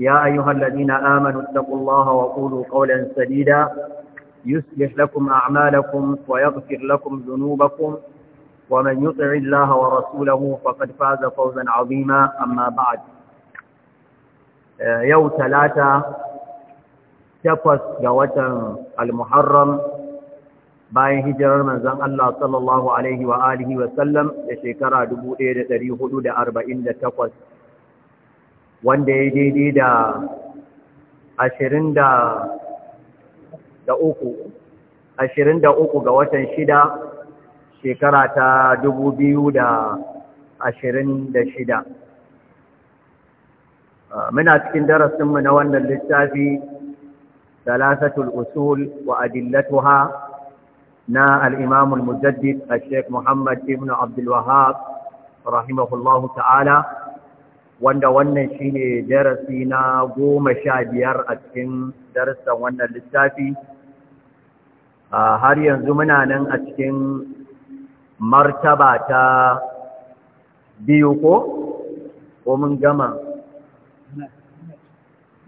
يا أيها الذين آمنوا اتقوا الله وقولوا قولا سديدا يصلح لكم أعمالكم ويغفر لكم ذنوبكم ومن يطع الله ورسوله فقد فاز فوزا عظيما أما بعد يوم ثلاثة تقص جوة المحرم bayan hijirar manzon Allah sallallahu alaihi wa alihi wa sallam da shekara 1448 wanda ya daidai da ashirin da uku ashirin da uku ga watan shida shekara ta dubu biyu da ashirin da shida muna cikin darasinmu na wannan littafi salasatul usul wa adillatuha na al'imamul mujaddid a sheik muhammad ibn abdulwahab rahimahullahu ta'ala wanda wannan shine darasi na goma sha biyar a cikin darasan wannan littafi har yanzu muna nan a cikin martaba ta biyu ko ko mun gama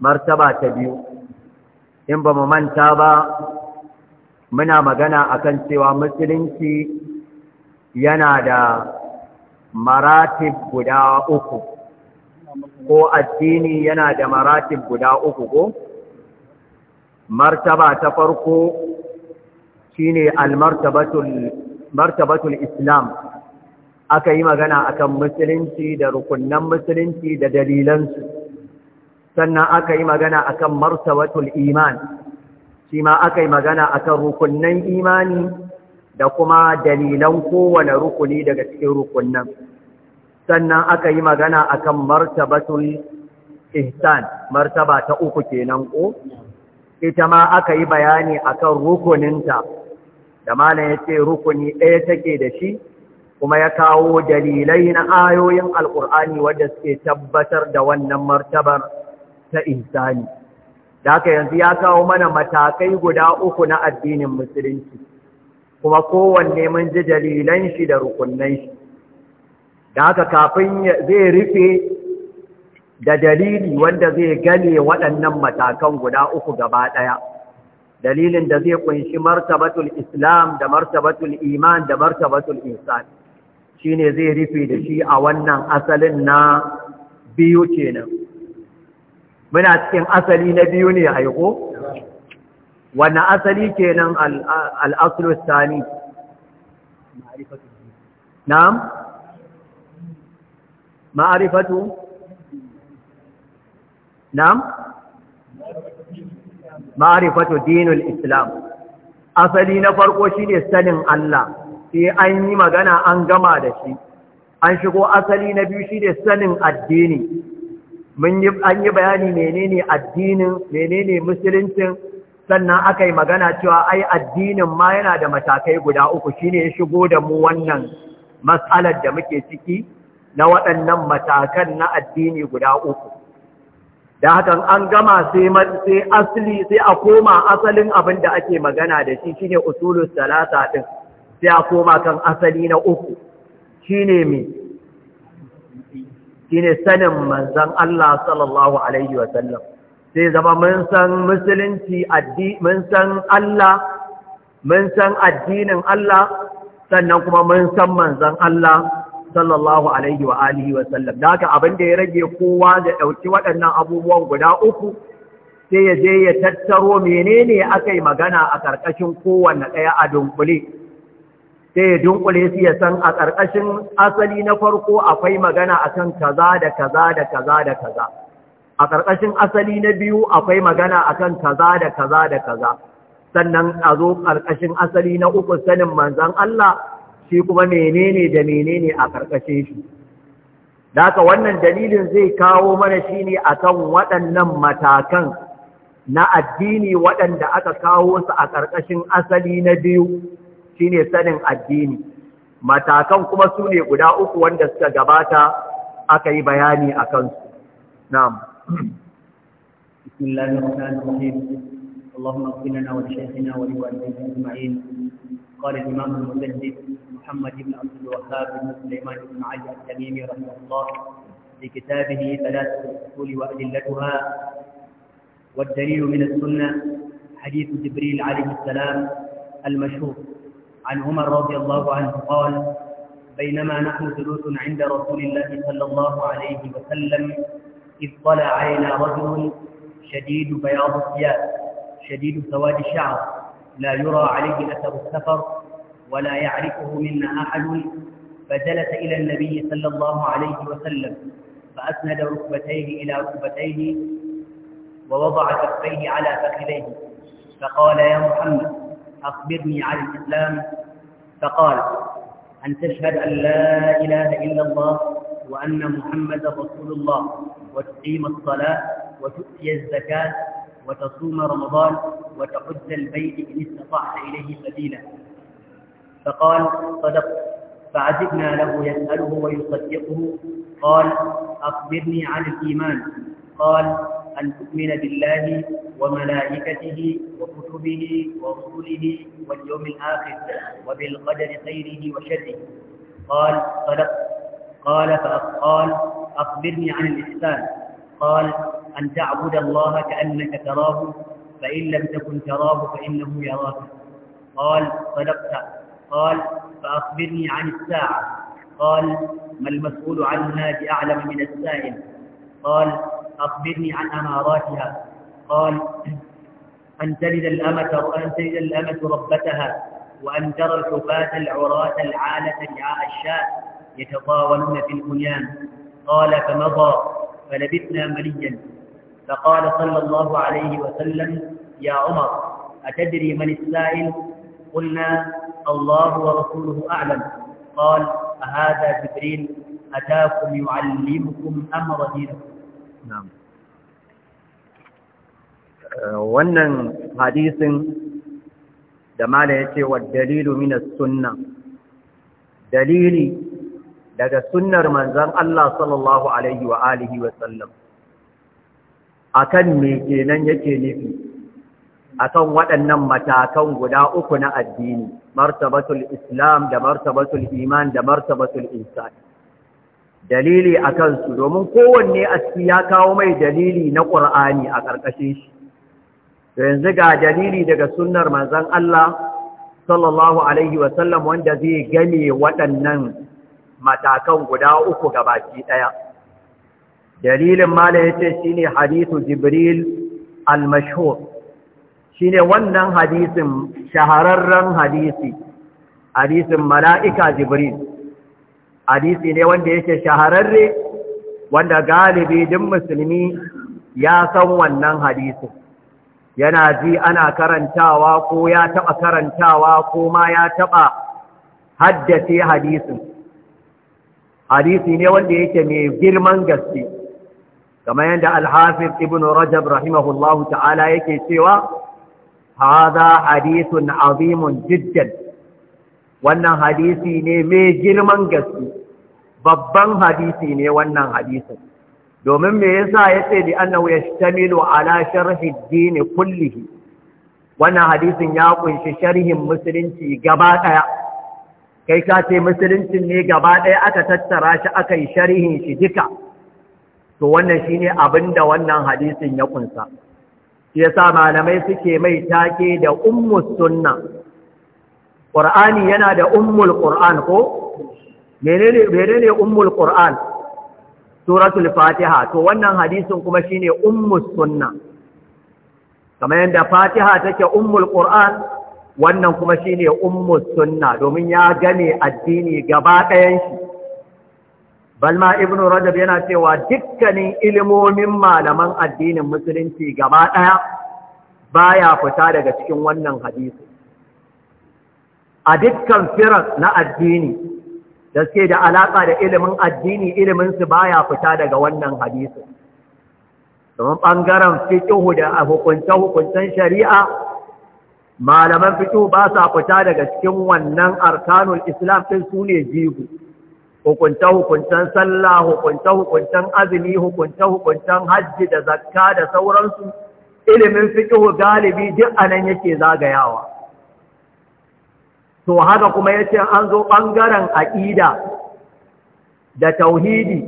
martaba ta biyu in ba mu manta ba muna magana akan cewa musulunci yana da maratib guda uku ko addini yana da maratib guda uku ko martaba ta farko shine almartabatul martabatul islam aka yi magana akan musulunci da rukunnan musulunci da dalilansu sannan aka yi magana akan martabatul iman shi ma aka yi magana akan rukunnan imani da kuma dalilan kowane rukuni daga cikin rukunnan sannan aka yi magana a kan martabatul ihsan martaba ta uku kenan ko ita ma aka yi bayani akan rukuninta da malam yace rukuni ɗaya take da shi kuma ya kawo dalilai na ayoyin Alƙur'ani wadda suke tabbatar da wannan martabar ta ihsani da haka yanzu ya kawo mana matakai guda uku na addinin musulunci kuma kowanne mun ji dalilan shi da rukunnan shi da haka kafin zai rufe da dalili wanda zai gane waɗannan matakan guda uku gaba ɗaya dalilin da zai kunshi martabatul islam da martabatul iman da martabatul insan shine zai rufe da shi a wannan asalin na biyu kenan muna cikin asali na biyu ne aiko Wani asali kenan al-aslu thani ma'arifatu na'am ma'arifatu dinul islam asali na farko shine sanin Allah sai an yi magana an gama da shi an shigo asali na biyu shine sanin addini mun yi an yi bayani menene addinin menene musuluncin sannan aka yi magana cewa ai addinin ma yana da matakai guda uku shine ya shigo da mu wannan matsalar da muke ciki na waɗannan matakan na addini guda uku da hakan an gama sai asali sai a koma asalin abin da ake magana da shi shine usulun salata ɗin sai a koma kan asali na uku shine shi ne sanin manzan Allah sallallahu alaihi Wasallam, sai zama mun san musulunci addi mun san Allah mun san addinin Allah sannan kuma mun san manzan Allah sallallahu alaihi wa alihi wa sallam da haka abin da ya rage kowa da ɗauki waɗannan abubuwan guda uku sai ya je ya tattaro menene aka yi magana a ƙarƙashin kowanne ɗaya a dunkule sai ya dunkule su ya san a ƙarƙashin asali na farko akwai magana akan kaza da kaza da kaza da kaza a ƙarƙashin asali na biyu akwai magana akan kaza da kaza da kaza sannan a zo ƙarƙashin asali na uku sanin manzon Allah shi kuma menene da menene a karkashin shi daga wannan dalilin zai kawo mana shine akan waɗannan matakan na addini waɗanda aka kawo su a ƙarƙashin asali na biyu shine sanin addini matakan kuma su ne guda uku wanda suka gabata aka yi bayani a kansu na'am بسم الله الرحمن الرحيم اللهم اغفر لنا ولشيخنا ولوالدينا اجمعين قال الإمام المسجد محمد بن عبد الوهاب بن سليمان بن علي التميمي رحمه الله في كتابه ثلاثة الأصول وأدلتها والدليل من السنة حديث جبريل عليه السلام المشهور عن عمر رضي الله عنه قال بينما نحن جلوس عند رسول الله صلى الله عليه وسلم إذ طلع علينا رجل شديد بياض الثياب شديد سواد الشعر لا يرى عليه أثر السفر ولا يعرفه منا أحد فجلس إلى النبي صلى الله عليه وسلم فأسند ركبتيه إلى ركبتيه ووضع كفيه على فخذيه فقال يا محمد أخبرني عن الإسلام فقال أن تشهد أن لا إله إلا الله وأن محمد رسول الله وتقيم الصلاة وتؤتي الزكاة وتصوم رمضان وتحج البيت إن استطعت إليه سبيلا فقال صدق فعجبنا له يسأله ويصدقه قال أخبرني عن الإيمان قال أن تؤمن بالله وملائكته وكتبه ورسله واليوم الآخر وبالقدر خيره وشره قال صدق قال فقال أخبرني عن الإحسان قال أن تعبد الله كأنك تراه فإن لم تكن تراه فإنه يراك قال صدقت قال فأخبرني عن الساعة قال ما المسؤول عنها بأعلم من السائل قال أخبرني عن أماراتها قال أن تلد الأمة أن تلد الأمة ربتها وأن ترى الحفاة العراة العالة رعاء الشاء يتطاولون في البنيان قال فمضى فلبثنا مليا فقال صلى الله عليه وسلم يا عمر أتدري من السائل قلنا الله ورسوله أعلم قال أهذا جبريل أتاكم يعلمكم أمر دينكم نعم wannan hadisin da mala ce wa dalilu minas sunna dalili daga sunnar manzan Allah sallallahu akan me kenan yake nufi akan waɗannan matakan guda uku na addini martabatul islam da martabatul iman da martabatul insani dalili akan su domin kowanne a ciki ya kawo mai dalili na ƙur'ani a ƙarƙashin shi yanzu ga dalili daga sunnar manzon Allah sallallahu alaihi wasallam wanda zai gane waɗannan matakan guda uku gabaki ɗaya dalilin mala ya ce shi ne hadisu jibril al-mashhur shi ne wannan hadisin shahararren hadisi hadisin mala'ika jibril hadisi ne wanda yake shahararre wanda galibi din musulmi ya san wannan hadisi. yana ji ana karantawa ko ya taɓa karantawa ko ma ya taɓa haddace hadisin hadisi ne wanda yake mai girman gaske kamar yadda alhafiz ibn rajab rahimahullahu ta'ala yake cewa hada, hadithun azimun jiddan wannan hadisi ne mai girman gaske babban hadisi ne wannan hadisin domin me yasa yace li annahu yashtamilu ala sharhi ad-din kullihi wannan hadisin ya kunshi sharhin musulunci gaba daya kai ka ce musuluncin ne gaba daya aka tattara shi aka yi sharhin shi duka to wannan ne abin da wannan hadisin ya kunsa shi sa malamai suke mai take da ummus sunna yana da ummul qur'an ko Mene ne ummul qur'an suratul fatiha to wannan hadisin kuma ne ummus sunna kamar yadda fatiha take ummul qur'an wannan kuma shine ummus sunna domin ya gane addini gaba ɗayan shi balma ibn rajab yana cewa dukkanin ilimomin malaman addinin musulunci gaba ɗaya baya fita daga cikin wannan hadisi a dukkan firar na addini da suke da alaƙa da ilimin addini iliminsu baya fita daga wannan hadisi domin ɓangaren fiƙihu da hukunce-hukuncen shari'a malaman fiƙihu ba sa fita daga cikin wannan arkanul islam ɗin su ne jihu hukunta-hukuntan sallah, hukunta-hukuntan azumi, hukunta-hukuntan hajji da zakka da sauransu, ilimin fikihu galibi duk anan yake zagayawa. To haka kuma yace an zo ɓangaren aƙida da tauhidi,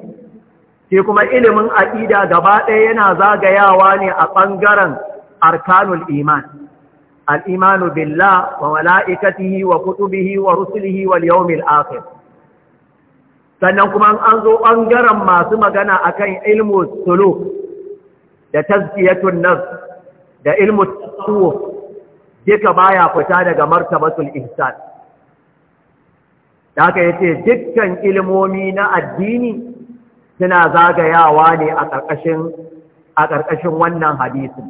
sai kuma ilimin aƙida gaba ɗaya yana zagayawa ne a ɓangaren arkanul iman. wa الإيمان wa وملائكته وكتبه wal واليوم akhir sannan kuma an zo ɓangaren masu magana akan ilmu sulu da tazkiyatun nan da ilmu tasawuf duka baya fita daga martabatul ihsan da yi ce dukkan ilmomi na addini suna zagayawa ne a ƙarƙashin wannan hadisin.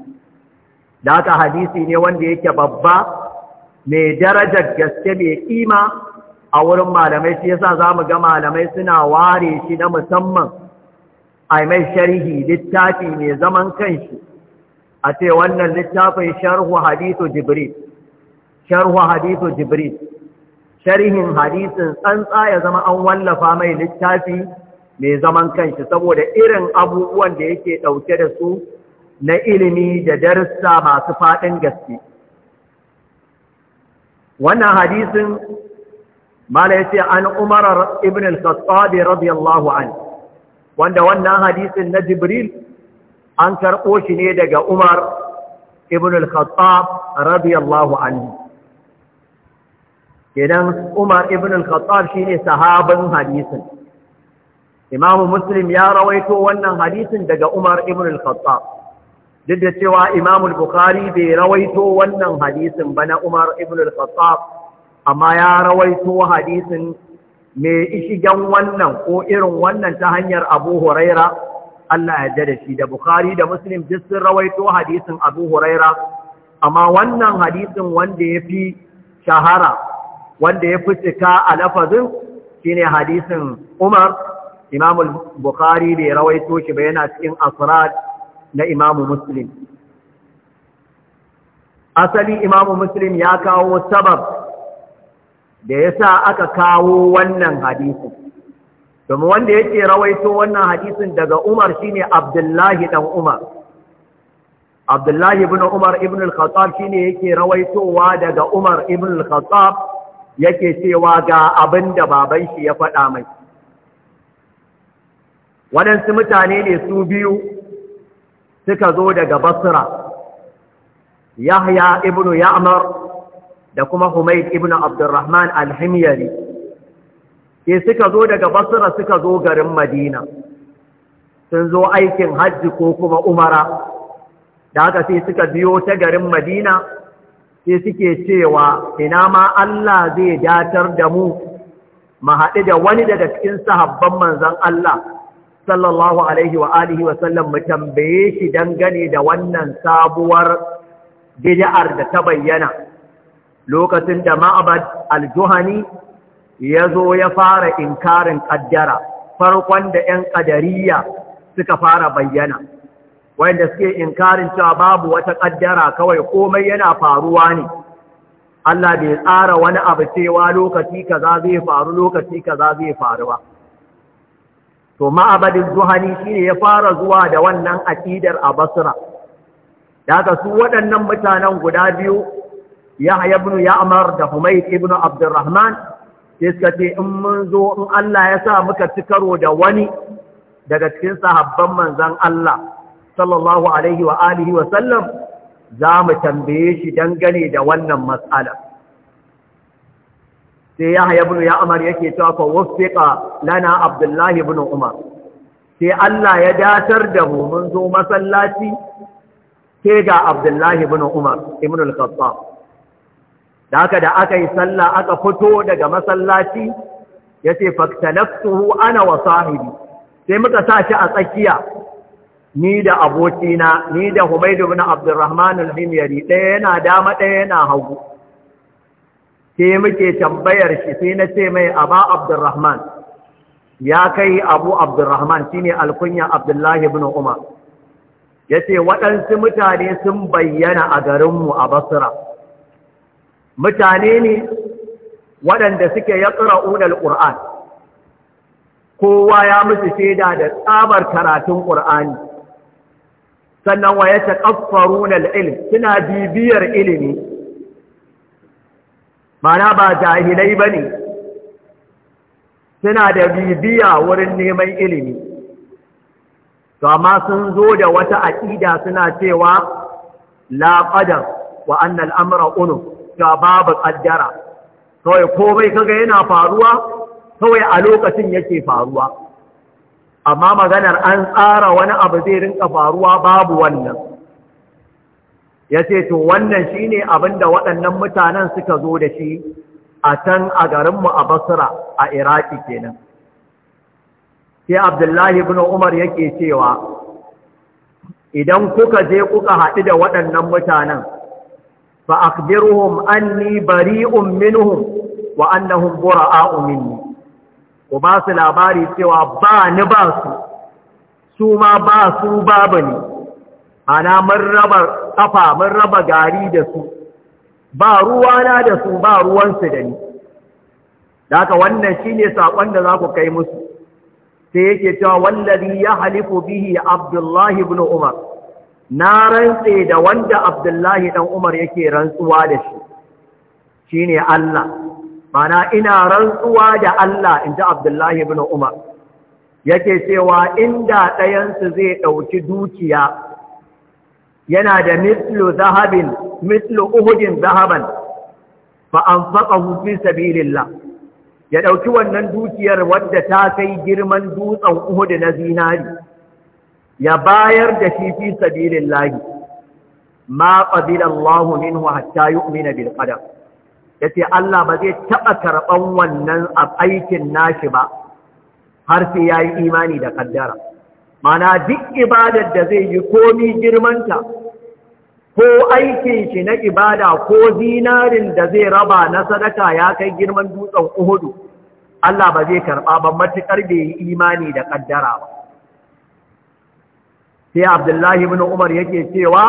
da aka hadisi ne wanda yake babba mai darajar gaske mai ƙima. a wurin malamai shi yasa za mu ga malamai suna ware shi na musamman a mai sharhi littafi mai zaman kanshi a ce wannan littafin sharhu hadithu jibril sharhu hadithu jibril sharhin hadisin tsantsa ya zama an wallafa mai littafi mai zaman kanshi saboda irin abubuwan da yake ɗauke da su na ilimi da darussa masu faɗin gaske wannan hadisin mala yace an umar ibn al-khattab radiyallahu an wanda wannan hadisin na jibril an karbo shi ne daga umar ibn al-khattab radiyallahu anhu kenan umar ibn al-khattab shine sahaban hadisin imamu muslim ya rawaito wannan hadisin daga umar ibn al-khattab duk da cewa imam al-bukhari bai rawaito wannan hadisin ba na umar ibn al-khattab amma ya rawaito hadisin mai ishigen wannan ko irin wannan ta hanyar abu huraira Allah ya da shi da Bukhari da Muslim duk sun rawaito hadisin abu huraira amma wannan hadisin wanda ya fi shahara wanda ya fi cika a lafazin shine hadisin Umar Imam Bukhari bai rawaito shi ba yana cikin asrar na Imam Muslim asali Imam Muslim ya kawo sabab da ya sa aka kawo wannan hadisin domin wanda yake rawaito wannan hadisin daga umar shine abdullahi Ɗan umar abdullahi ibn umar ibn al-khattab shine yake rawaitowa daga umar ibn al-khattab yake cewa ga abin da baban shi ya faɗa mai waɗansu mutane ne su biyu suka zo daga basra yahya ibn ya'mar da kuma Humayd ibn Abdurrahman al-Himyari sai suka zo daga Basra suka zo garin Madina sun zo aikin hajji ko kuma umara da haka sai suka biyo ta garin Madina sai suke cewa ina ma Allah zai datar da mu mu haɗu da wani daga cikin sahabban manzon Allah sallallahu alaihi wa alihi wa sallam mu tambaye shi dangane da wannan sabuwar bid'ar da ta bayyana lokacin da ma'abad aljuhani ya zo ya fara inkarin ƙaddara farkon da 'yan ƙadariya suka fara bayyana wanda suke inkarin cewa babu wata ƙaddara kawai komai yana faruwa ne Allah bai tsara wani abu cewa lokaci kaza zai faru lokaci kaza zai faru ba to ma'abadin zuhani shine ya fara zuwa da wannan aƙidar a basra daga su waɗannan mutanen guda biyu yahya ibn ya'mar da humayd ibn abdurrahman sai ce in mun zo in Allah ya sa muka ci karo da wani daga cikin sahabban manzon Allah sallallahu alaihi wa alihi wa sallam za mu tambaye shi dangane da wannan mas'ala sai yahya ibn ya'mar yake cewa fa wuffiqa lana abdullahi ibn umar sai Allah ya datar da mu mun zo masallaci sai ga Abdullahi ibn Umar ibn al-Khattab da haka da aka yi sallah aka fito daga masallaci yace faktalaftuhu ana wa sahibi sai muka sa shi a tsakiya ni da abokina ni da Humayd ibn Abdurrahman al-Himyari ɗaya yana dama ɗaya yana hagu sai muke tambayar shi sai na ce mai Aba Abdurrahman ya kai Abu Abdurrahman shine alkunya Abdullahi ibn Umar yace waɗansu mutane sun bayyana a garinmu a Basra mutane ne waɗanda suke ya unar ƙur'an kowa ya musu shaida da tsabar karatun ƙur'ani sannan wa ya taƙaffaru na ilim suna bibiyar ilimi mana ba jahilai ba ne suna da bibiya wurin neman ilimi to amma sun zo da wata aƙida suna cewa la wa annal amra unu Ga babu ƙaddara kawai komai kaga yana faruwa kawai a lokacin yake faruwa amma maganar an tsara wani abu zai rinka faruwa babu wannan ya ce to wannan shi ne da waɗannan mutanen suka zo da shi a can a garinmu a basra a iraki kenan sai abdullahi ibn umar yake cewa idan kuka je kuka haɗu da waɗannan mutanen فأخبرهم أني بريء منهم وأنهم براء مني وباس الأباري سوى بان باس سوما باس بابني أنا من ربا قفا من ربا قاري دسو باروانا دسو باروان سدني ذاك وانا شيني ساقوان ذاك كيمس سيكي توا والذي يحلف به عبد الله بن عمر na rantse da wanda abdullahi Dan umar yake rantsuwa da shi shi ne Allah mana ina rantsuwa da Allah in abdullahi bin umar yake cewa inda ɗayansu zai ɗauki dukiya yana da mitlu zahabin mitlu uhudin zahaban ba an faƙa fi sabilillah ya ɗauki wannan dukiyar wadda ta kai girman dutsen uhudu na zinari ya bayar da shi fi sabilillahi ma qabila Allahu minhu hatta yu'mina bil Ya yace Allah ba zai taba karɓan wannan aikin nashi ba har sai yayi imani da kaddara mana duk ibadar da zai yi komi girmanta ko aikin shi na ibada ko zinarin da zai raba na sadaka ya kai girman dutsen Uhudu Allah ba zai karɓa ba matukar bai yi imani da kaddara ba sai abdullahi bin umar yake cewa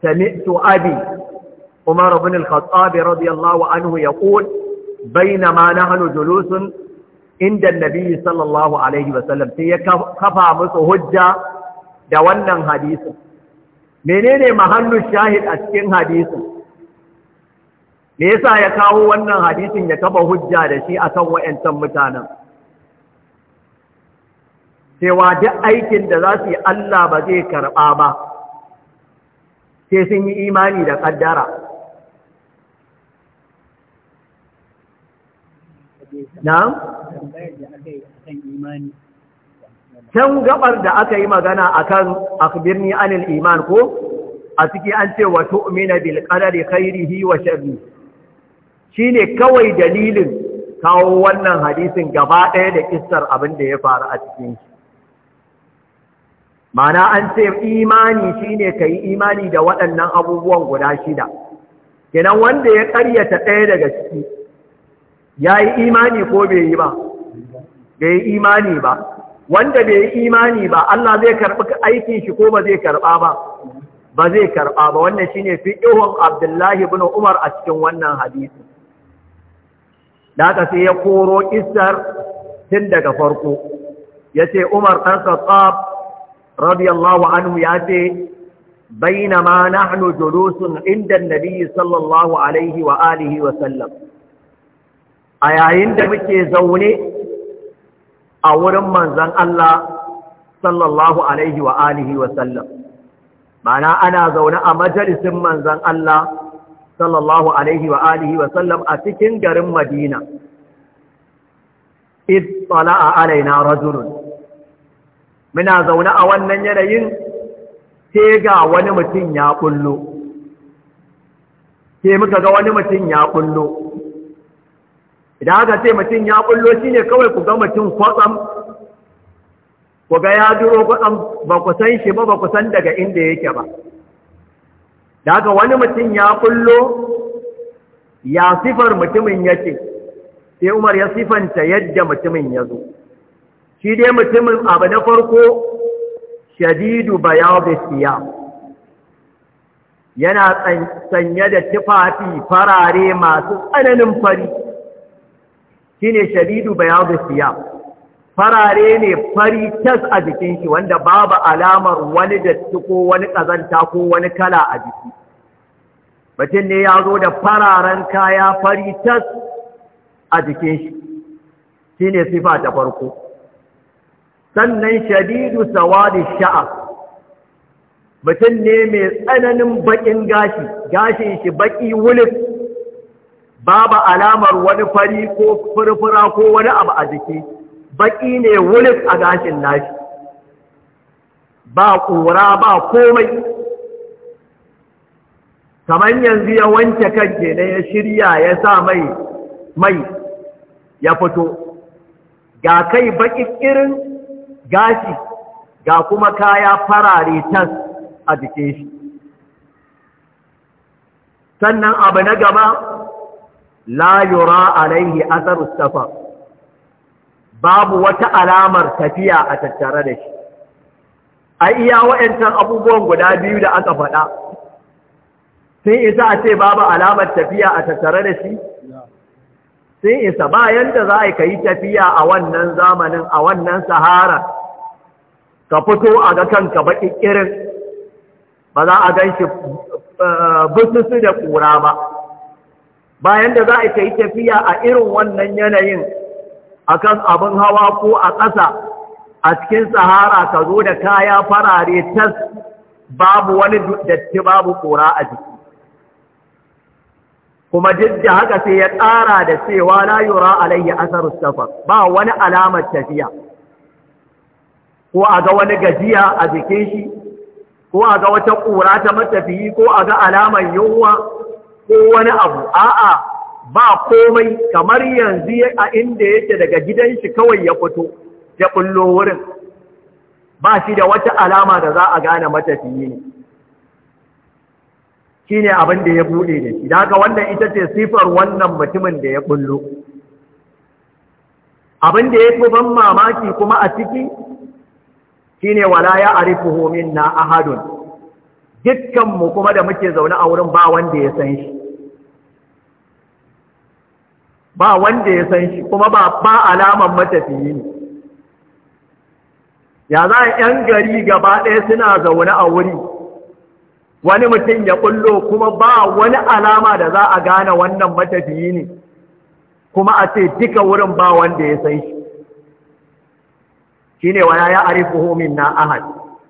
sami'tu abi umar ibn al-khattab radiyallahu anhu yaqul bainama nahnu julusun inda annabi sallallahu alaihi wasallam sai ya kafa musu hujja da wannan hadisin menene mahallu shahid a cikin hadisin me yasa ya kawo wannan hadisin ya kafa hujja da shi akan wayancan mutanen cewa duk aikin da za su yi Allah ba zai karɓa ba sai sun yi imani da ƙaddara na'am can gabar da aka yi magana a kan akbirni anil iman ko a ciki an ce wa tu'mina bil qadari khairihi wa sharri ne kawai dalilin kawo wannan hadisin gaba ɗaya da kistar abin da ya faru a cikin mana an ce imani shine ka yi imani da waɗannan abubuwan guda shida kinan wanda ya ƙaryata ɗaya daga ciki ya yi imani ko bai yi ba bai yi imani ba wanda bai yi imani ba Allah zai karɓi aikin shi ko ba zai karɓa ba ba zai karɓa ba wannan shine fiqhun Abdullahi bin Umar a cikin wannan hadisi da aka sai ya koro isar tun daga farko yace Umar ɗan Khattab radiyallahu anhu ya ce bainama nahnu julusun inda nabi sallallahu alaihi wa alihi wa sallam a yayin da muke zaune a wurin manzan Allah sallallahu alaihi wa alihi wa sallam mana ana zaune a majalisin manzan Allah sallallahu alaihi wa alihi wa sallam a cikin garin Madina tsala a alaina rajulun muna zaune a wannan yanayin sai ga wani mutum ya kullo sai muka ga wani mutum ya kullo idan aka ce mutum ya kullo shine kawai ku ga mutum kwatsam ku ga ya duro kwatsam ba ku san shi ba ba ku san daga inda yake ba da haka wani mutum ya kullo ya sifar mutumin yake sai umar ya sifanta yadda mutumin ya zo shi dai mutumin abu na farko shadidu bayabi siya yana sanye da tufafi farare masu tsananin fari shi ne shadidu bayabi siya farare ne fari tas a jikin shi wanda babu alamar wani datti ko wani ƙazanta ko wani kala a jiki mutum ne ya zo da fararen kaya fari tas a jikin shi shi ne sifa ta farko sannan shadidu sawadi sha'a mutum ne mai tsananin bakin gashi gashin shi baki wulif babu alamar wani fari ko furfura ko wani abu a jiki baki ne wulif a gashin nashi ba kura ba komai kamar yanzu ya wanke kanke kenan ya shirya ya sa mai mai ya fito ga kai baki irin gashi ga kuma kaya farare tas a jikin shi sannan abu na gaba Layura yura alaihi atharu safar babu wata alamar tafiya a tattare da shi a iya wa'ancan abubuwan guda biyu da aka faɗa sun isa a ce babu alamar tafiya a tattare da shi sun isa bayan da za a yi tafiya a wannan zamanin a wannan sahara ka fito a ga kanka baki irin ba za a gan shi eh, bututu da ƙura ba bayan da za a yi tafiya a irin wannan yanayin a kan abin hawa ko a ƙasa a cikin sahara ka zo da kaya farare tas babu wani datti babu ƙura a jiki kuma duk da haka sai ya tsara da cewa la yura alayya asar ba wani alamar tafiya ko a ga wani gajiya a jikin shi ko a ga wata ƙura ta matafiyi ko a ga alamar yunwa ko wani abu a'a ba komai kamar yanzu a inda yake daga gidan shi kawai ya fito ya kullo wurin ba shi da wata alama da za a gane matafiyi ne shi ne abin da ya buɗe da shi da wannan ita ce sifar wannan mutumin da ya ƙullo. abin da ya fi ban mamaki kuma a ciki shi shine wala ya homin na ahadun dukkan kuma da muke zaune a wurin ba wanda ya san shi ba wanda ya san shi kuma ba ba alaman matafiyi ne ya za a ‘yan gari gaba ɗaya suna zaune a wuri wani mutum ya ƙullo kuma ba wani alama da za a gane wannan matafiyi ne kuma a ce duka wurin ba wanda ya san shi ne wa ya homin na ahad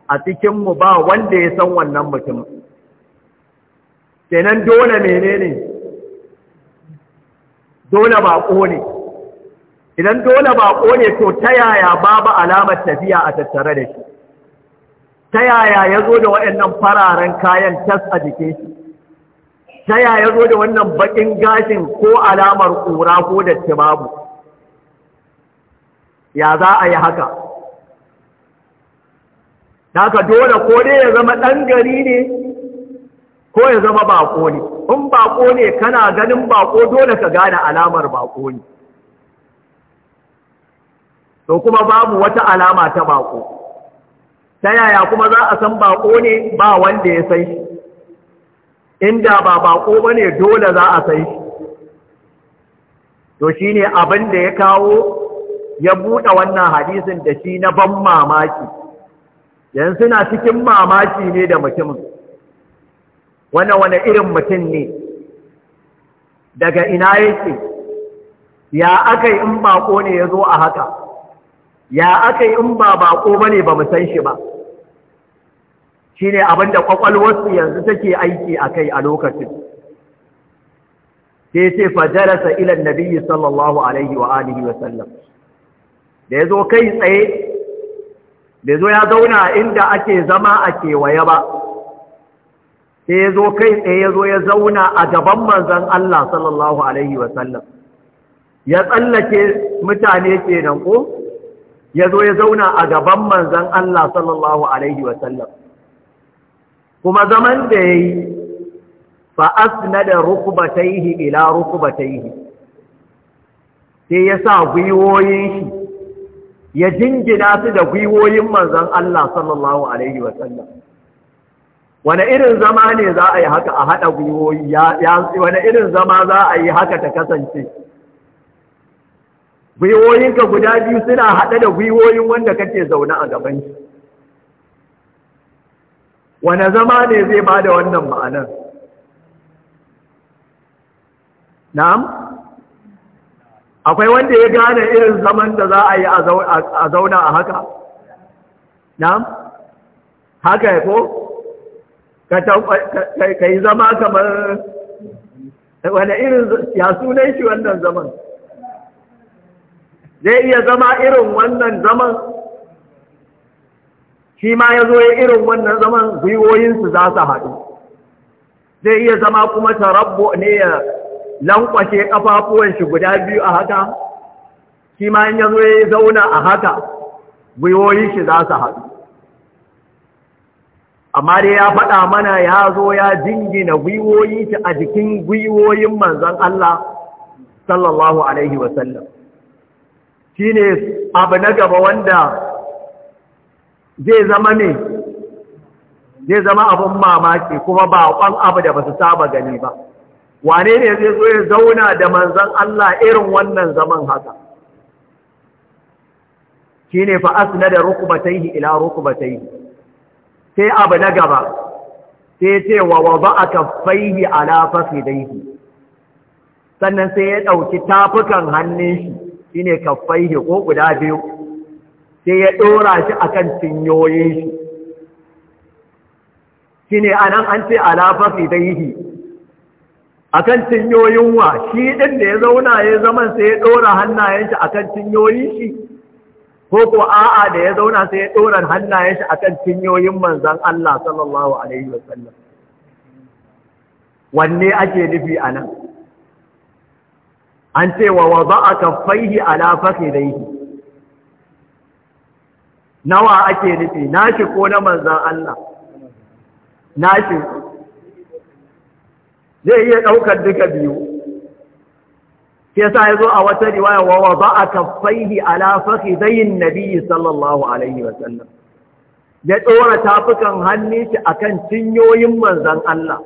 a cikin ba wanda ya san wannan mutum kenan dole menene dole ne idan dole bako ne to ta yaya babu alamar tafiya a tattare da shi ta yaya ya zo da waɗannan fararen kayan tas a jikin shi ta yaya zo da wannan baƙin gashin ko alamar ƙura ko da babu ya za a yi haka aka dole ko dai ya zama ɗan gari ne ko ya zama bako ne in bako ne kana ganin bako dole ka gane alamar bako ne to kuma babu wata alama ta bako ta yaya kuma za a san bako ne ba wanda ya sai shi inda ba bako ba ne dole za a sai to shi ne abin da ya kawo ya buɗe wannan hadisin da shi na ban mamaki yanzu suna cikin mamaki ne da mutumin wane wani irin mutum ne daga ina yake ya aka yi in bako ne ya zo a haka ya aka yi in ba bako ba ne ba musan shi ba shi ne abinda kwakwalwarsu yanzu take aiki a kai a lokacin sai sai fajarasa ilan nabi sallallahu alaihi wa wasallam da ya zo kai tsaye bai zo ya zauna inda ake zama a kewaye ba sai ya zo kai tsaye ya zo ya zauna a gaban manzan Allah sallallahu Alaihi wasallam ya tsallake mutane ke nan ko ya zo ya zauna a gaban manzan Allah sallallahu Alaihi wasallam kuma zaman da ya yi na da rukubataihi ila rukubataihi sai ya sa gwiwoyin shi ya jingina su da gwiwoyin manzan Allah sallallahu alaihi wasallam wani irin zama ne za a yi haka a haɗa gwiwoyi wani irin zama za a yi haka ta kasance gwiwoyinka guda biyu suna haɗe da gwiwoyin wanda kake zaune a gaban shi wane zama ne zai ba da wannan ma'anar na'am akwai wanda ya gane irin zaman da za a yi a zauna a haka na'am haka ya ko ka yi zama kamar wane irin ya sunan shi wannan zaman zai iya zama irin wannan zaman shi ma ya zo ya irin wannan zaman gwiwoyinsu za su haɗu zai iya zama kuma tarabbo ne ya lankwashe kafafuwan shi guda biyu a haka shi ma in yazo ya zauna a haka gwiwoyin shi za su haɗu amma dai ya faɗa mana ya zo ya jingina gwiwoyi shi a jikin gwiwoyin manzan Allah sallallahu alaihi wasallam shi ne abu na gaba wanda zai zama ne zai zama abin mamaki kuma ba abu da ba su saba gani ba wane ne zai zo ya zauna da manzan Allah irin wannan zaman haka shi ne fa'as na da rukubataihi ila rukubataihi sai abu na gaba sai ce wa wa ba a kafaihi ala daihi? sannan sai ya ɗauki tafukan hannun shi shi ne kafaihi ko guda biyu sai ya ɗora shi a kan cinyoyin shi shi ne a nan an ce ala daihi? akan cinyoyin wa shi ɗin da ya zauna ya zaman sai ya ɗora hannayen shi akan cinyoyin shi ko ko a'a da ya zauna sai ya ɗora hannayen shi akan cinyoyin manzan Allah sallallahu alaihi wasallam wanne ake nufi a nan an ce wa waza a kafaihi ala fakidaihi nawa ake nufi nashi ko na manzan Allah nashi zai iya ɗaukar duka biyu ke sa ya zo a wata riwaya wa wa ba a kafaihi ala fakhidayin nabiyyi sallallahu alaihi wa sallam ya ɗora tafukan hannun shi akan cinyoyin manzan Allah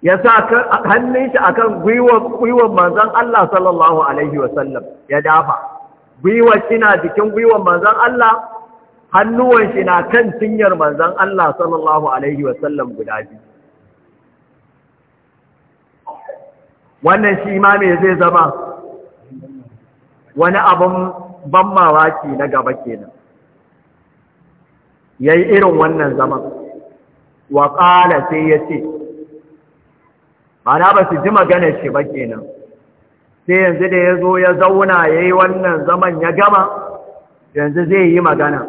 ya sa hannun shi akan gwiwar manzan Allah sallallahu alaihi wa sallam ya dafa gwiwar shi na jikin gwiwar manzan Allah hannuwan shi na kan cinyar manzan Allah sallallahu Alaihi wasallam guda biyu. Wannan shi ma me zai zama wani abin ban mawaki na gaba kenan. Ya yi irin wannan zaman, wa ƙala sai ya ce, Bana ba su ji maganar shi ba kenan, sai yanzu da ya zo ya zauna ya yi wannan zaman ya gama, yanzu zai yi magana.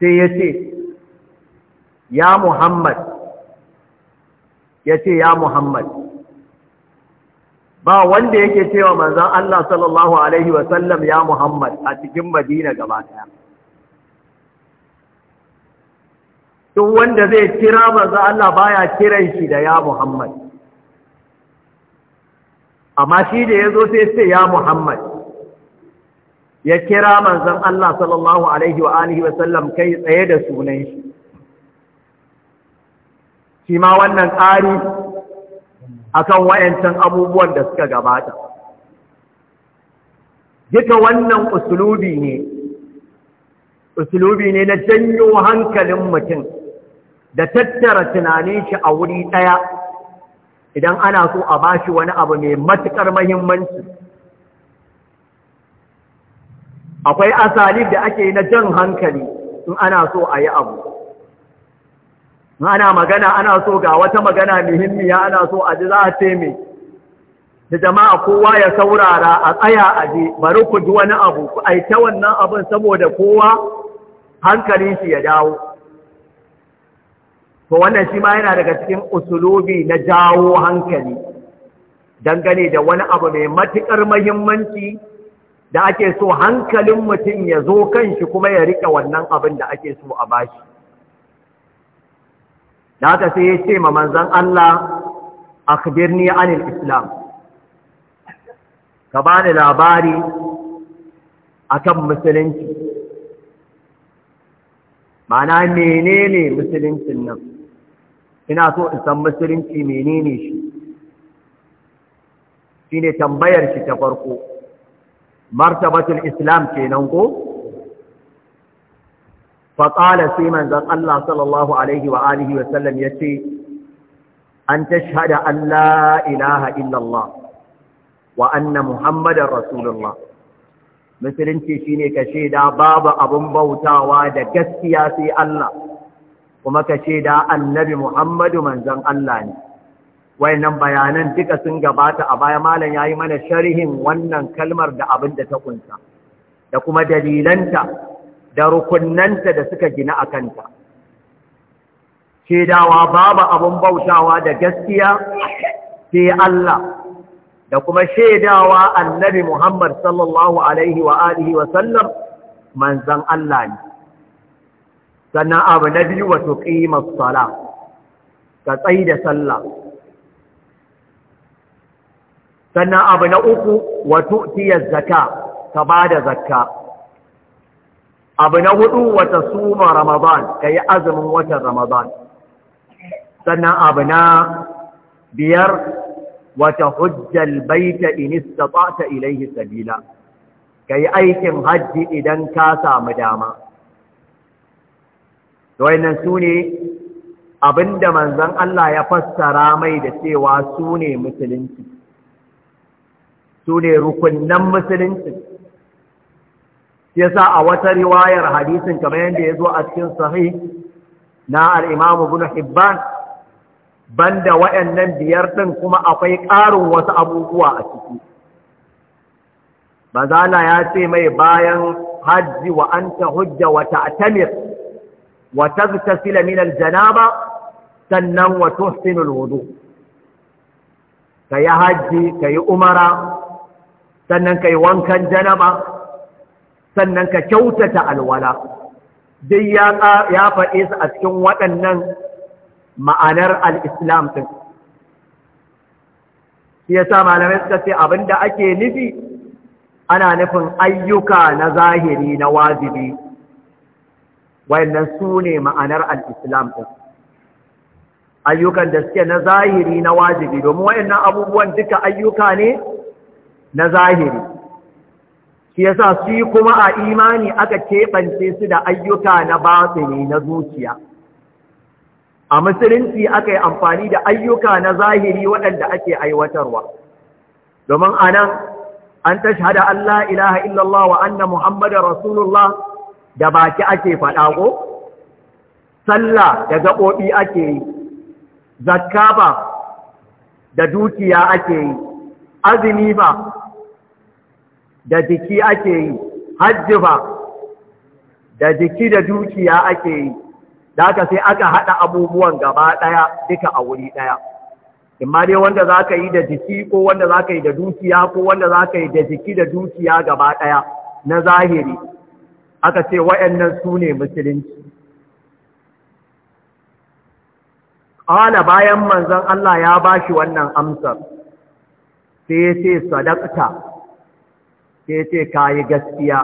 sai ya ce ya muhammad ya ce ya muhammad ba wanda yake cewa manzan Allah sallallahu Alaihi wasallam ya muhammad a cikin madina gaba daya duk wanda zai kira manzan Allah baya kiran shi da ya muhammad amma shi da ya zo sai sai ya muhammad ya kira manzon Allah sallallahu alaihi wa alihi wa sallam kai tsaye da sunan shi shi ma wannan tsari akan wayancan abubuwan da suka gabata duka wannan usulubi ne usulubi ne na janyo hankalin mutum da tattara tunanin shi a wuri ɗaya idan ana so a bashi wani abu mai matuƙar mahimmanci akwai asalin da ake na jan hankali in ana so a yi abu ana magana ana so ga wata magana muhimmiya ana so a ji za a ce da jama'a kowa ya saurara a tsaya a ji bari ku ji wani abu ku aita wannan abin saboda kowa hankalin shi ya dawo to wannan shi ma yana daga cikin usulobi na jawo hankali dangane da wani abu mai matuƙar muhimmanci. da ake so hankalin mutum ya zo kanshi kuma ya riƙe wannan abin da ake so a bashi da haka sai ya ce ma manzan Allah birni anil islam ka bani labari akan musulunci mana menene musuluncin nan ina so in san musulunci menene shi shine tambayar shi ta farko martabatul islam kenan ko faƙala sai zan Allah sallallahu Alaihi wa alihi wasallam ya ce, An ta shahada Allah ilaha illallah wa anna Muhammadan Rasulullah. Musulunci shi ne ka shaida babu abin bautawa da gaskiya sai Allah, kuma ka shaida annabi Muhammadu manzan Allah ne. wayannan bayanan duka sun gabata a baya malam yayi mana sharhin wannan kalmar da abin da ta kunsa da kuma dalilanta da rukunnanta da suka gina a kanta dawa babu abin bautawa da gaskiya sai Allah da kuma shaidawa annabi Muhammad sallallahu alaihi wa alihi wa sallam manzan Allah ne sannan abu na biyu wato qimas sala ka tsaida sallah sannan abu na uku wa tu'tiya zakka ba bada zakka abu na hudu wata suma ramadan yi azumin watan ramadan sannan abu na biyar wata hujjal baita ba ta Ilaihi sabila yi aikin hajji idan ka samu dama to wayannan sune abinda manzon Allah ya fassara mai da cewa sune musulunci su ne rukunan musulunci yasa a wata riwayar hadisin kamar yadda ya zo a cikin sahih na al'imamu bin hibban banda waɗannan biyar ɗin kuma akwai ƙarin wasu abubuwa a ciki bazala ya ce mai bayan hajji wa an ta hujja wa atamir wa tagtasila min sannan wa tuhsinul Ka kayi hajji kayi umara sannan ka yi wankan janaba sannan ka kyautata alwala duk ya faɗe su a cikin waɗannan ma'anar al'islam ɗin shi ya sa malamai suka ce abinda ake nufi ana nufin ayyuka na zahiri na wajibi wayannan su ne ma'anar al'islam ɗin ayyukan da suke na zahiri na wajibi domin wayannan abubuwan duka ayyuka ne na zahiri shi yasa shi kuma a imani aka keɓance su da ayyuka na batsini na zuciya a musulunci aka yi amfani da ayyuka na zahiri waɗanda ake aiwatarwa domin a nan an tashhada Allah ilaha illallah wa anna Muhammadar Rasulullah da baki ake faɗa ko sallah da gaɓoɓi ake yi zakka ba da dukiya ake yi azumi ba da jiki ake yi hajji ba da jiki da dukiya ake yi da aka sai aka haɗa abubuwan gaba ɗaya duka a wuri ɗaya imma dai wanda za ka yi da jiki ko wanda za ka yi da dukiya ko wanda za ka yi da jiki da dukiya gaba ɗaya na zahiri aka ce wa'yannan su ne musulunci ƙala bayan manzon Allah ya ba shi wannan amsar sai ya ce sadakta sai ce ka yi gaskiya